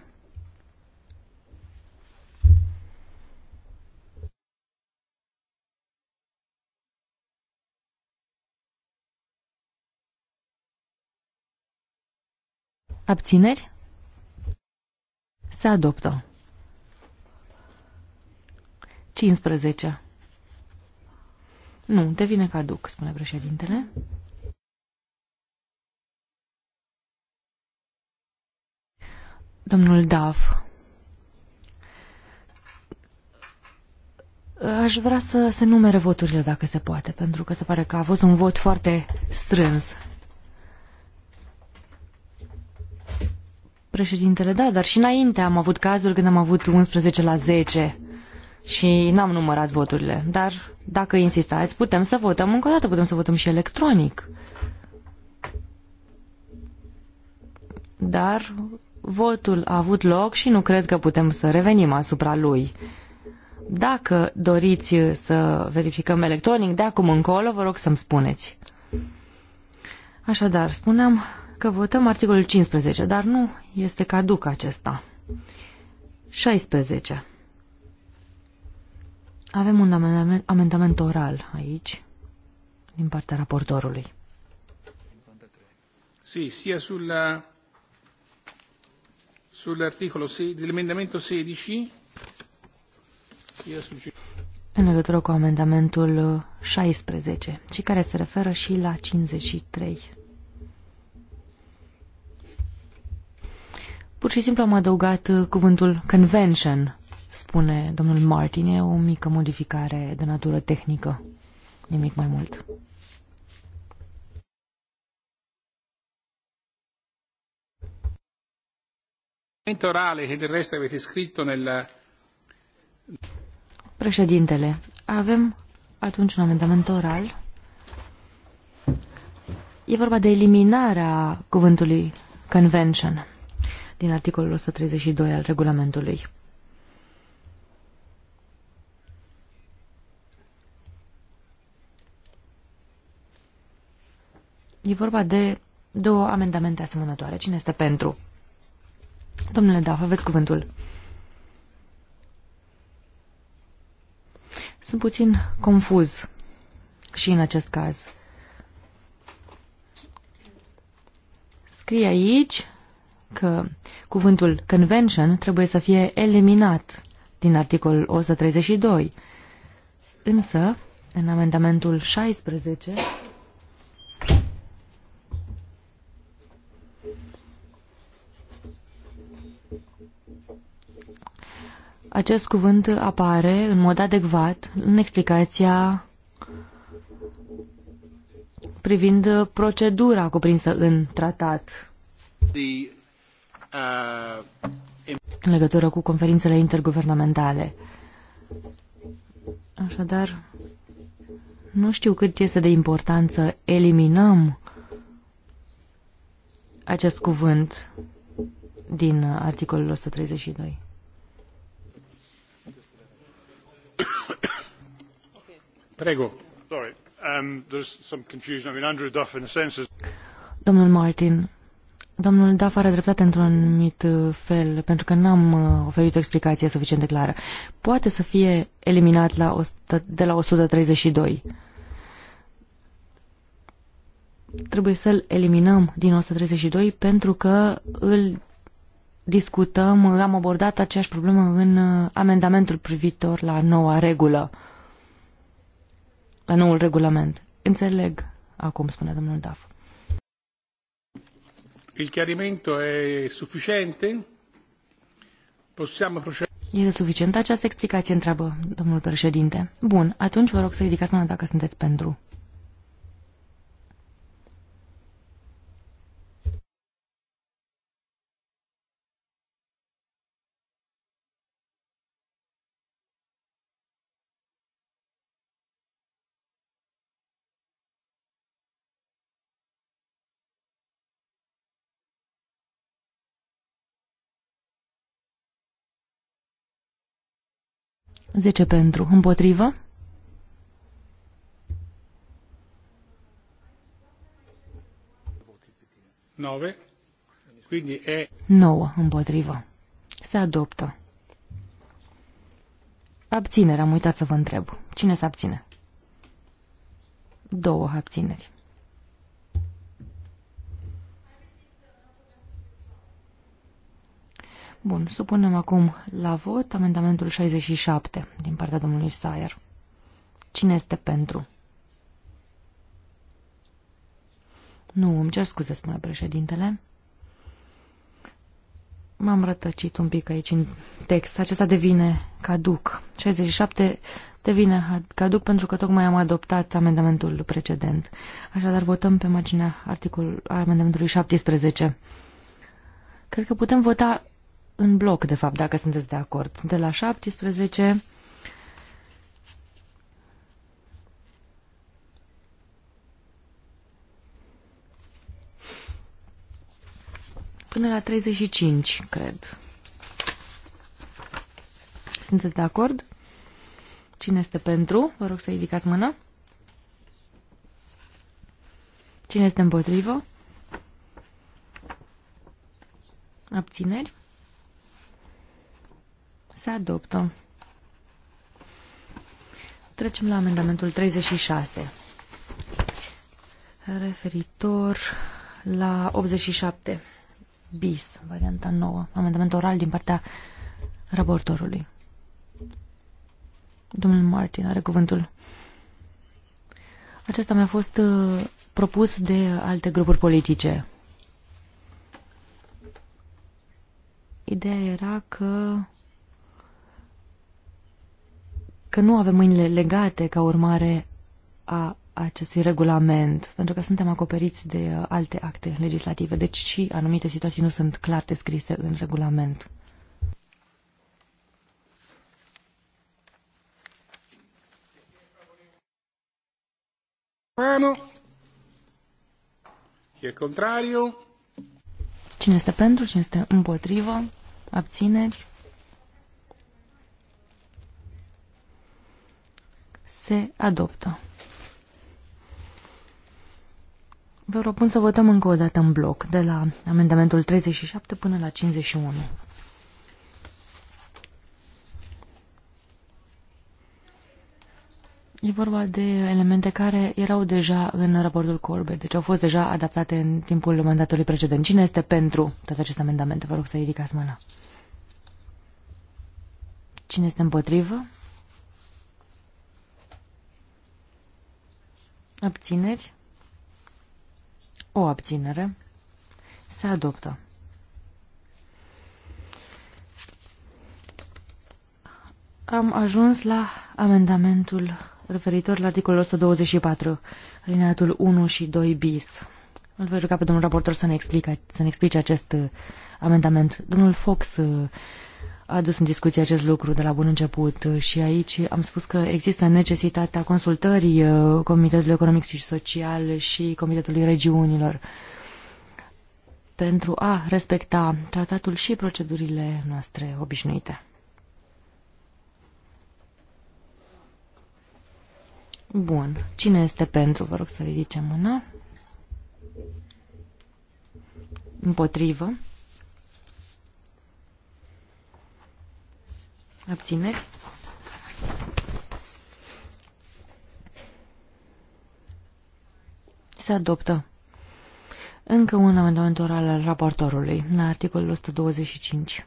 Abțineri? Se adoptă. 15. Nu, te devine caduc, spune președintele. Domnul Daf. Aș vrea să se numere voturile dacă se poate, pentru că se pare că a fost un vot foarte strâns. Președintele, da, dar și înainte am avut cazuri, când am avut 11 la 10 și n-am numărat voturile. Dar dacă insistați, putem să votăm încă o dată, putem să votăm și electronic. Dar votul a avut loc și nu cred că putem să revenim asupra lui. Dacă doriți să verificăm electronic de acum încolo, vă rog să-mi spuneți. Așadar, spuneam, că votăm articolul 15, dar nu este caduc acesta. 16. Avem un amendament, oral aici, din partea raportorului. Sì, sia sulla, sull'articolo dell'emendamento 16, sia sul... În legătură cu amendamentul 16, și care se referă și la 53. Pur și simplu am adăugat uh, cuvântul convention, spune domnul Martin. E o mică modificare de natură tehnică, nimic mai mult. orale che del resto avete scritto nel Președintele, avem atunci un amendament oral. E vorba de eliminarea cuvântului convention din articolul 132 al regulamentului. E vorba de două amendamente asemănătoare. Cine este pentru? Domnule Daf, aveți cuvântul. Sunt puțin confuz și în acest caz. Scrie aici că cuvântul convention trebuie să fie eliminat din articolul 132. Însă, în amendamentul 16, acest cuvânt apare în mod adecvat în explicația privind procedura cuprinsă în tratat. The în legătură cu conferințele interguvernamentale. Așadar, nu știu cât este de important să eliminăm acest cuvânt din articolul 132. Prego. Sorry. Um, there's some confusion. I mean, Andrew Duff, in a sense, is... Domnul Martin, Domnul Daf are dreptate într-un anumit uh, fel, pentru că n-am uh, oferit o explicație suficient de clară. Poate să fie eliminat la 100, de la 132. Trebuie să-l eliminăm din 132 pentru că îl discutăm, am abordat aceeași problemă în uh, amendamentul privitor la noua regulă, la noul regulament. Înțeleg acum, spune domnul Daf. Il chiarimento è sufficiente? Possiamo procedere? Este suficientă această explicație, întreabă domnul președinte. Bun, atunci vă rog să ridicați mâna dacă sunteți pentru. 10 pentru. Împotrivă? Nove. Quindi e... 9 împotrivă. Se adoptă. Abținere, am uitat să vă întreb. Cine se abține? Două abțineri. Bun, supunem acum la vot amendamentul 67 din partea domnului Sayer. Cine este pentru? Nu, îmi cer scuze, spune președintele. M-am rătăcit un pic aici în text. Acesta devine caduc. 67 devine caduc pentru că tocmai am adoptat amendamentul precedent. Așadar, votăm pe marginea articolului amendamentului 17. Cred că putem vota în bloc, de fapt, dacă sunteți de acord. De la 17 până la 35, cred. Sunteți de acord? Cine este pentru? Vă rog să ridicați mâna. Cine este împotrivă? Abțineri? Se adoptă. Trecem la amendamentul 36, referitor la 87 bis, varianta nouă, amendament oral din partea raportorului. Domnul Martin are cuvântul. Acesta mi-a fost uh, propus de alte grupuri politice. Ideea era că că nu avem mâinile legate ca urmare a acestui regulament, pentru că suntem acoperiți de uh, alte acte legislative, deci și anumite situații nu sunt clar descrise în regulament. Chi e contrario? Cine este pentru, cine este împotrivă? Abțineri? se adoptă. Vă propun să votăm încă o dată în bloc, de la amendamentul 37 până la 51. E vorba de elemente care erau deja în raportul Corbett, deci au fost deja adaptate în timpul mandatului precedent. Cine este pentru toate aceste amendamente? Vă rog să ridicați mâna. Cine este împotrivă? Abțineri. O abținere. Se adoptă. Am ajuns la amendamentul referitor la articolul 124, alineatul 1 și 2 bis. Îl voi ruga pe domnul raportor să ne, explica, să ne explice acest uh, amendament. Domnul Fox uh, adus în discuție acest lucru de la bun început și aici am spus că există necesitatea consultării uh, Comitetului Economic și Social și Comitetului Regiunilor pentru a respecta tratatul și procedurile noastre obișnuite. Bun. Cine este pentru? Vă rog să ridice mâna. Împotrivă. Abțineri. Se adoptă. Încă un amendament oral al raportorului, la articolul 125,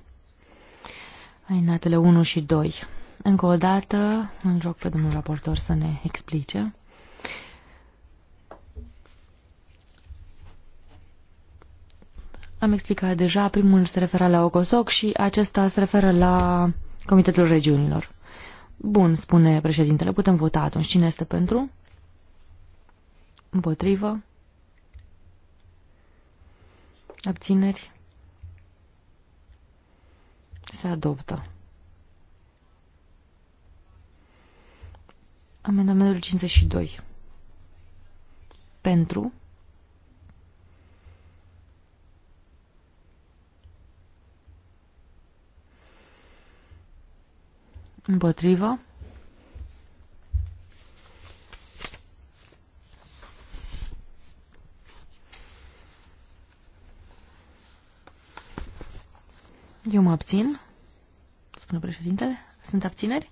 alinatele 1 și 2. Încă o dată, îl rog pe domnul raportor să ne explice. Am explicat deja, primul se referă la OCOSOC și acesta se referă la Comitetul Regiunilor. Bun, spune președintele, putem vota atunci. Cine este pentru? Împotrivă? Abțineri? Se adoptă. Amendamentul 52. Pentru? Împotrivă. Eu mă abțin, spune președintele. Sunt abțineri?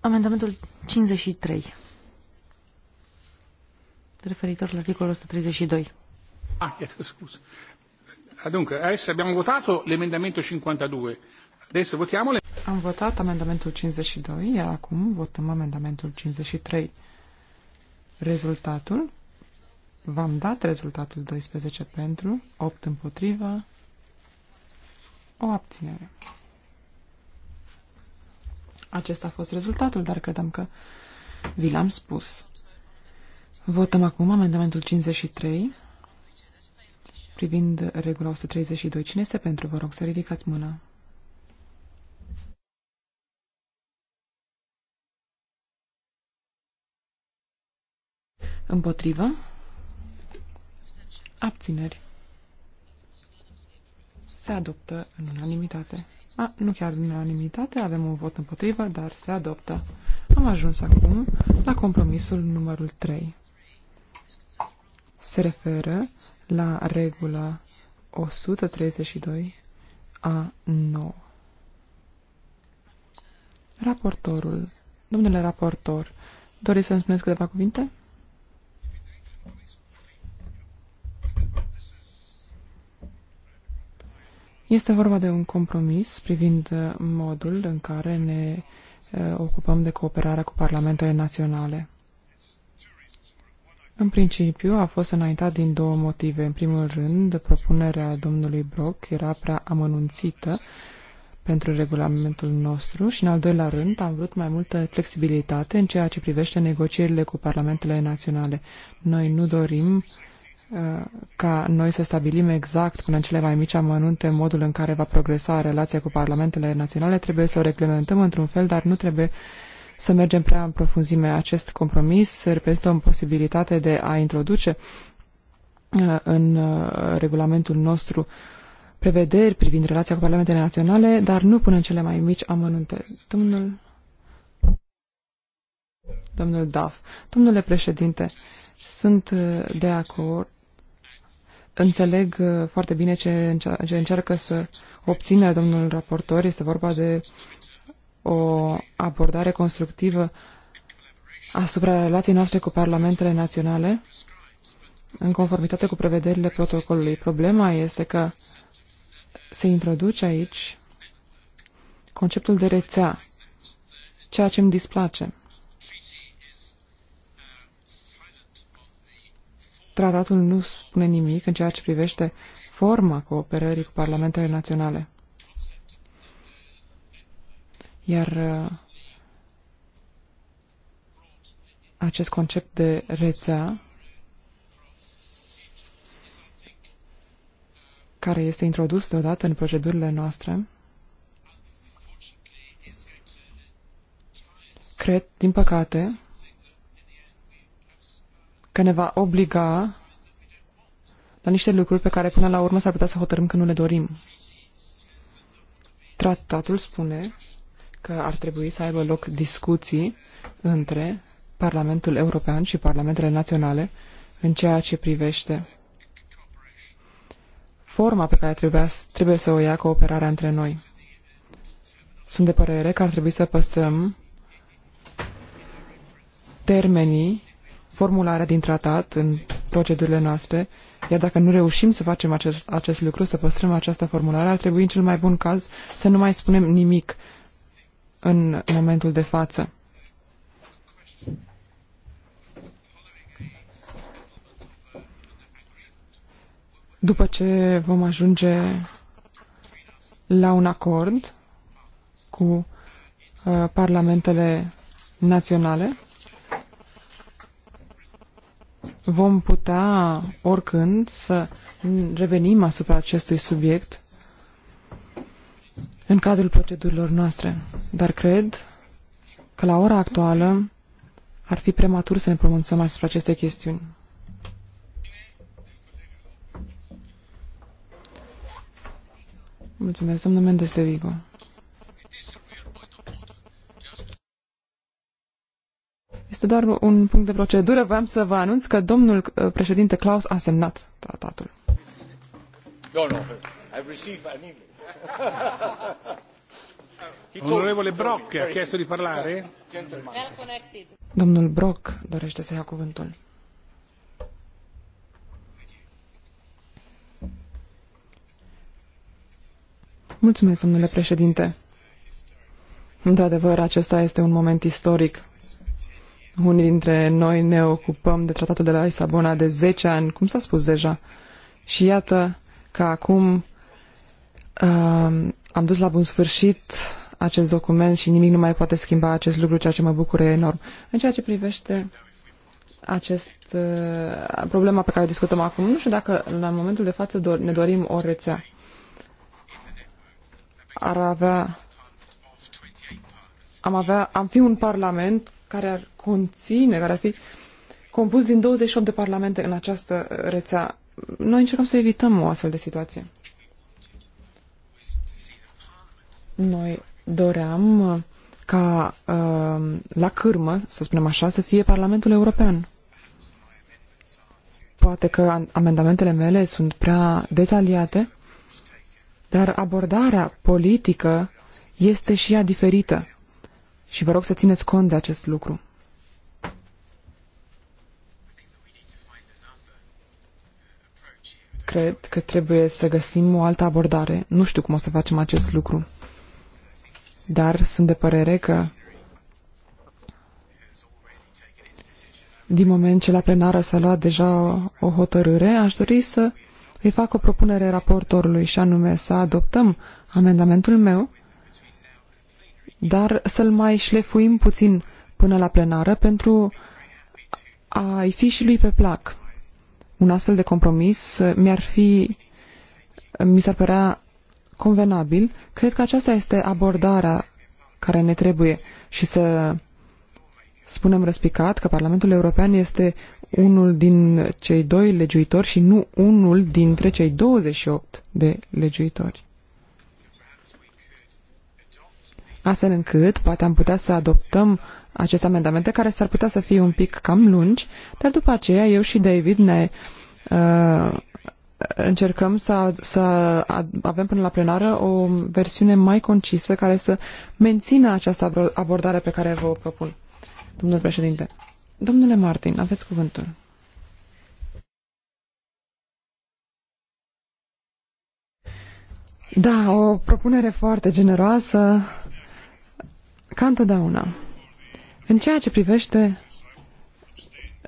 Amendamentul 53, referitor la articolul 132. Ah, iată, scuz. Ah, dunque, adesso abbiamo votato l'emendamento 52. Adesso votiamo le... Am votat amendamentul 52, iar acum votăm amendamentul 53. Rezultatul? V-am dat rezultatul 12 pentru, 8 împotrivă, o abținere. Acesta a fost rezultatul, dar credeam că vi l-am spus. Votăm acum amendamentul 53 privind regula 132. Cine este pentru? Vă rog să ridicați mâna. Împotrivă? Abțineri. Se adoptă în unanimitate. A, nu chiar în unanimitate, avem un vot împotrivă, dar se adoptă. Am ajuns acum la compromisul numărul 3. Se referă la regula 132 a 9. Raportorul, domnule raportor, doriți să-mi spuneți câteva cuvinte? Este vorba de un compromis privind modul în care ne eh, ocupăm de cooperarea cu parlamentele naționale. În principiu a fost înaintat din două motive. În primul rând, propunerea domnului Brock era prea amănunțită pentru regulamentul nostru și, în al doilea rând, am vrut mai multă flexibilitate în ceea ce privește negocierile cu parlamentele naționale. Noi nu dorim uh, ca noi să stabilim exact până în cele mai mici amănunte modul în care va progresa relația cu parlamentele naționale, trebuie să o reglementăm într-un fel, dar nu trebuie uh, să mergem prea în profunzime. Acest compromis reprezintă o posibilitate de a introduce uh, în uh, regulamentul nostru prevederi privind relația cu parlamentele naționale, dar nu până în cele mai mici amănunte. Domnul domnul Daf. Domnule președinte, sunt uh, de acord. Înțeleg foarte bine ce, încearcă să obțină domnul raportor. Este vorba de o abordare constructivă asupra relației noastre cu parlamentele naționale în conformitate cu prevederile protocolului. Problema este că se introduce aici conceptul de rețea, ceea ce îmi displace. Tratatul nu spune nimic în ceea ce privește forma cooperării cu parlamentele naționale. Iar uh, acest concept de rețea care este introdus deodată în procedurile noastre, cred, din păcate, că ne va obliga la niște lucruri pe care până la urmă s-ar putea să hotărâm că nu le dorim. Tratatul spune că ar trebui să aibă loc discuții între Parlamentul European și Parlamentele Naționale în ceea ce privește forma pe care trebuia, trebuie să o ia cooperarea între noi. Sunt de părere că ar trebui să păstrăm termenii, formularea din tratat în procedurile noastre, iar dacă nu reușim să facem acest, acest lucru, să păstrăm această formulare, ar trebui în cel mai bun caz să nu mai spunem nimic în momentul de față. După ce vom ajunge la un acord cu uh, parlamentele naționale, vom putea oricând să revenim asupra acestui subiect în cadrul procedurilor noastre. Dar cred că la ora actuală ar fi prematur să ne pronunțăm asupra acestei chestiuni. Mulțumesc, domnul Mendes de Vigo. Este doar un punct de procedură. Vreau să vă anunț că domnul uh, președinte Klaus a semnat tratatul. No, no. I've received an email. Onorevole Brock a chiesto di parlare? Domnul Brock dorește să ia cuvântul. Mulțumesc, domnule președinte. Într-adevăr, acesta este un moment istoric. Unii dintre noi ne ocupăm de tratatul de la Lisabona de 10 ani, cum s-a spus deja. Și iată că acum am dus la bun sfârșit acest document și nimic nu mai poate schimba acest lucru, ceea ce mă bucură enorm. În ceea ce privește acest uh, problema pe care o discutăm acum, nu știu dacă la momentul de față do ne dorim o rețea. Ar avea am avea, am fi un parlament care ar conține, care ar fi compus din 28 de parlamente în această rețea. Noi încercăm să evităm o astfel de situație. Noi doream uh, ca uh, la cârmă, să spunem așa, să fie Parlamentul European. Poate că amendamentele mele sunt prea detaliate, dar abordarea politică este și ea diferită. Și vă rog să țineți cont de acest lucru. Cred că trebuie să găsim o altă abordare. Nu știu cum o să facem acest lucru dar sunt de părere că din moment ce la plenară s-a luat deja o hotărâre, aș dori să îi fac o propunere raportorului și anume să adoptăm amendamentul meu, dar să-l mai șlefuim puțin până la plenară pentru a-i fi și lui pe plac. Un astfel de compromis mi-ar fi, mi s-ar părea convenabil, cred că aceasta este abordarea care ne trebuie și să spunem răspicat că Parlamentul European este unul din cei doi legiuitori și nu unul dintre cei 28 de legiuitori. Astfel încât poate am putea să adoptăm aceste amendamente care s-ar putea să fie un pic cam lungi, dar după aceea eu și David ne uh, încercăm să, să avem până la plenară o versiune mai concisă care să mențină această abordare pe care vă o propun, domnul președinte. Domnule Martin, aveți cuvântul. Da, o propunere foarte generoasă, ca întotdeauna. În ceea ce privește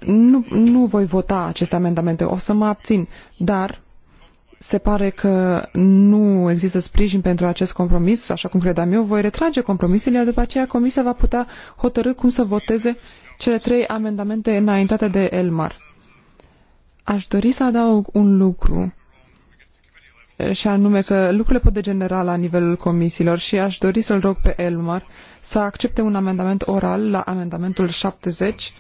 nu, nu voi vota aceste amendamente, o să mă abțin, dar se pare că nu există sprijin pentru acest compromis, așa cum credeam eu, voi retrage compromisul, iar după aceea Comisia va putea hotărâ cum să voteze cele trei amendamente înaintate de Elmar. Aș dori să adaug un lucru și anume că lucrurile pot degenera la nivelul comisiilor și aș dori să-l rog pe Elmar să accepte un amendament oral la amendamentul 70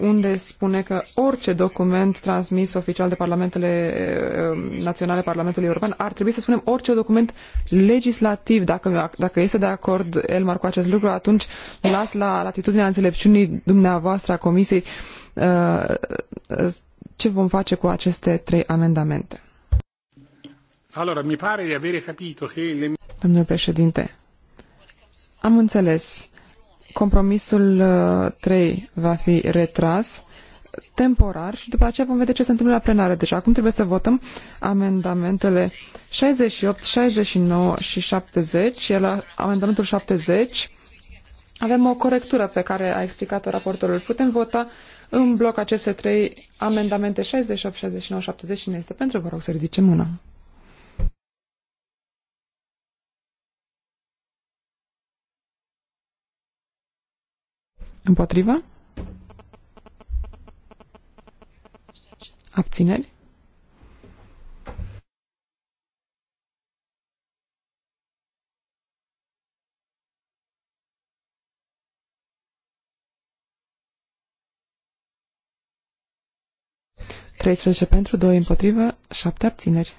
unde spune că orice document transmis oficial de Parlamentele eh, Naționale Parlamentului European ar trebui să spunem orice document legislativ. Dacă, dacă este de acord Elmar cu acest lucru, atunci las la latitudinea înțelepciunii dumneavoastră a Comisiei eh, eh, ce vom face cu aceste trei amendamente. Allora, mi pare di avere capito che le... Domnule președinte, am înțeles Compromisul 3 uh, va fi retras temporar și după aceea vom vedea ce se întâmplă la plenară. Deci acum trebuie să votăm amendamentele 68, 69 și 70 și la amendamentul 70 avem o corectură pe care a explicat-o raportorul. Putem vota în bloc aceste trei amendamente 68, 69, 70 și nu este pentru, vă rog să ridice mâna. Împotrivă? Abțineri? Treisprezece pentru, doi împotrivă, șapte abțineri.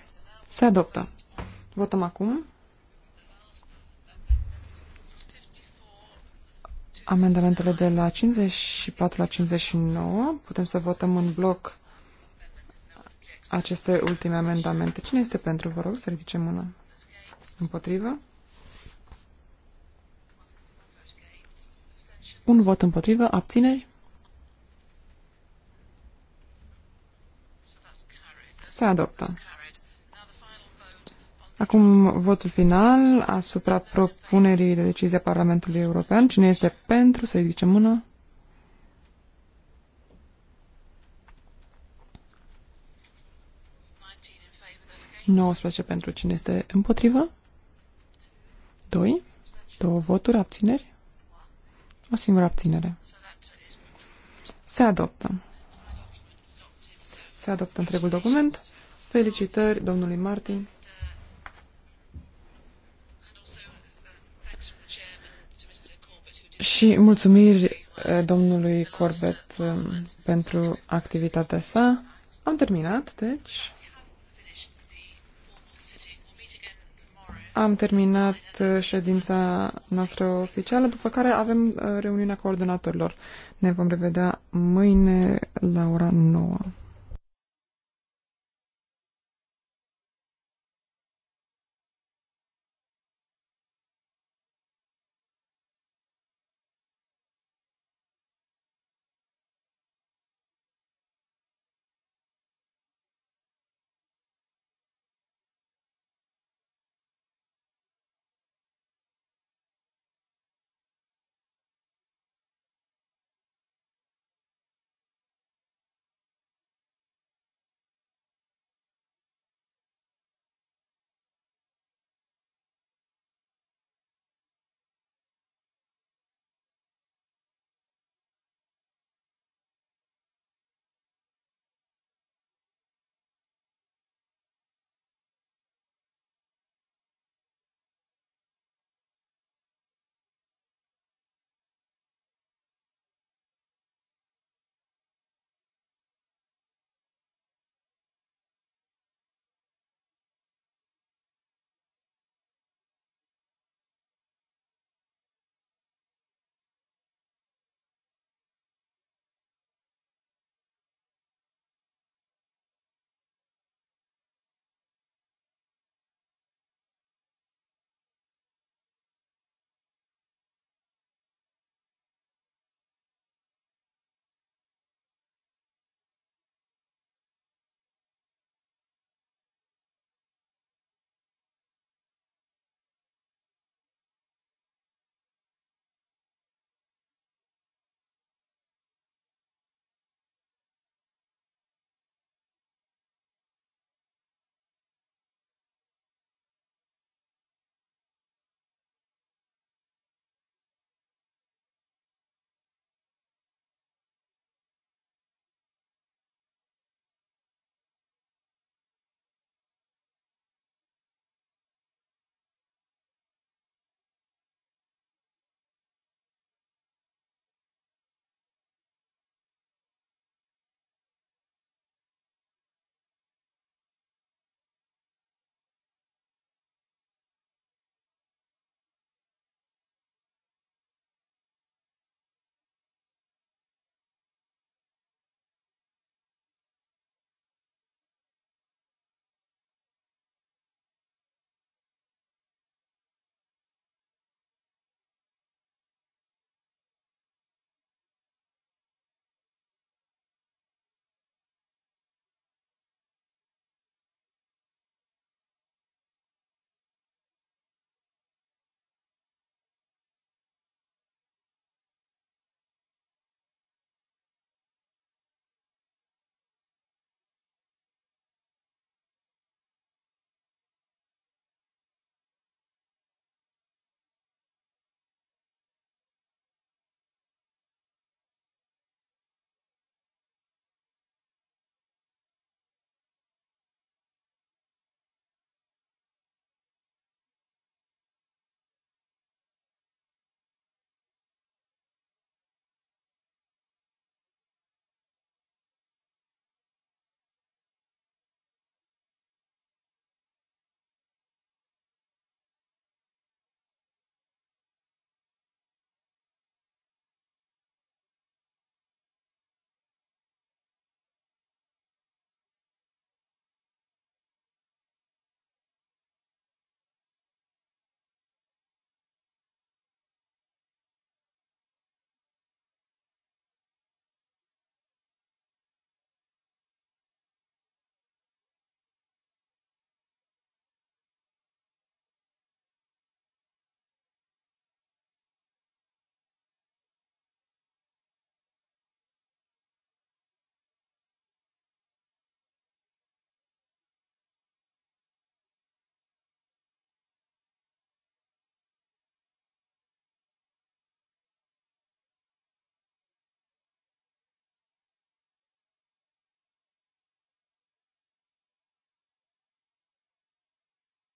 Se adoptă. Votăm acum Amendamentele de la 54 la 59, putem să votăm în bloc aceste ultime amendamente. Cine este pentru, vă rog, să ridice mâna. Împotrivă? Un vot împotrivă, abțineri? Se adoptă. Acum votul final asupra propunerii de decizie a Parlamentului European. Cine este pentru să i ridice mână? place pentru cine este împotrivă? Doi. Două voturi, abțineri? O singură abținere. Se adoptă. Se adoptă întregul document. Felicitări domnului Martin. Și mulțumiri eh, domnului Corbett eh, pentru activitatea sa. Am terminat, deci. Am terminat eh, ședința noastră oficială, după care avem reuniunea coordonatorilor. Ne vom revedea mâine la ora 9.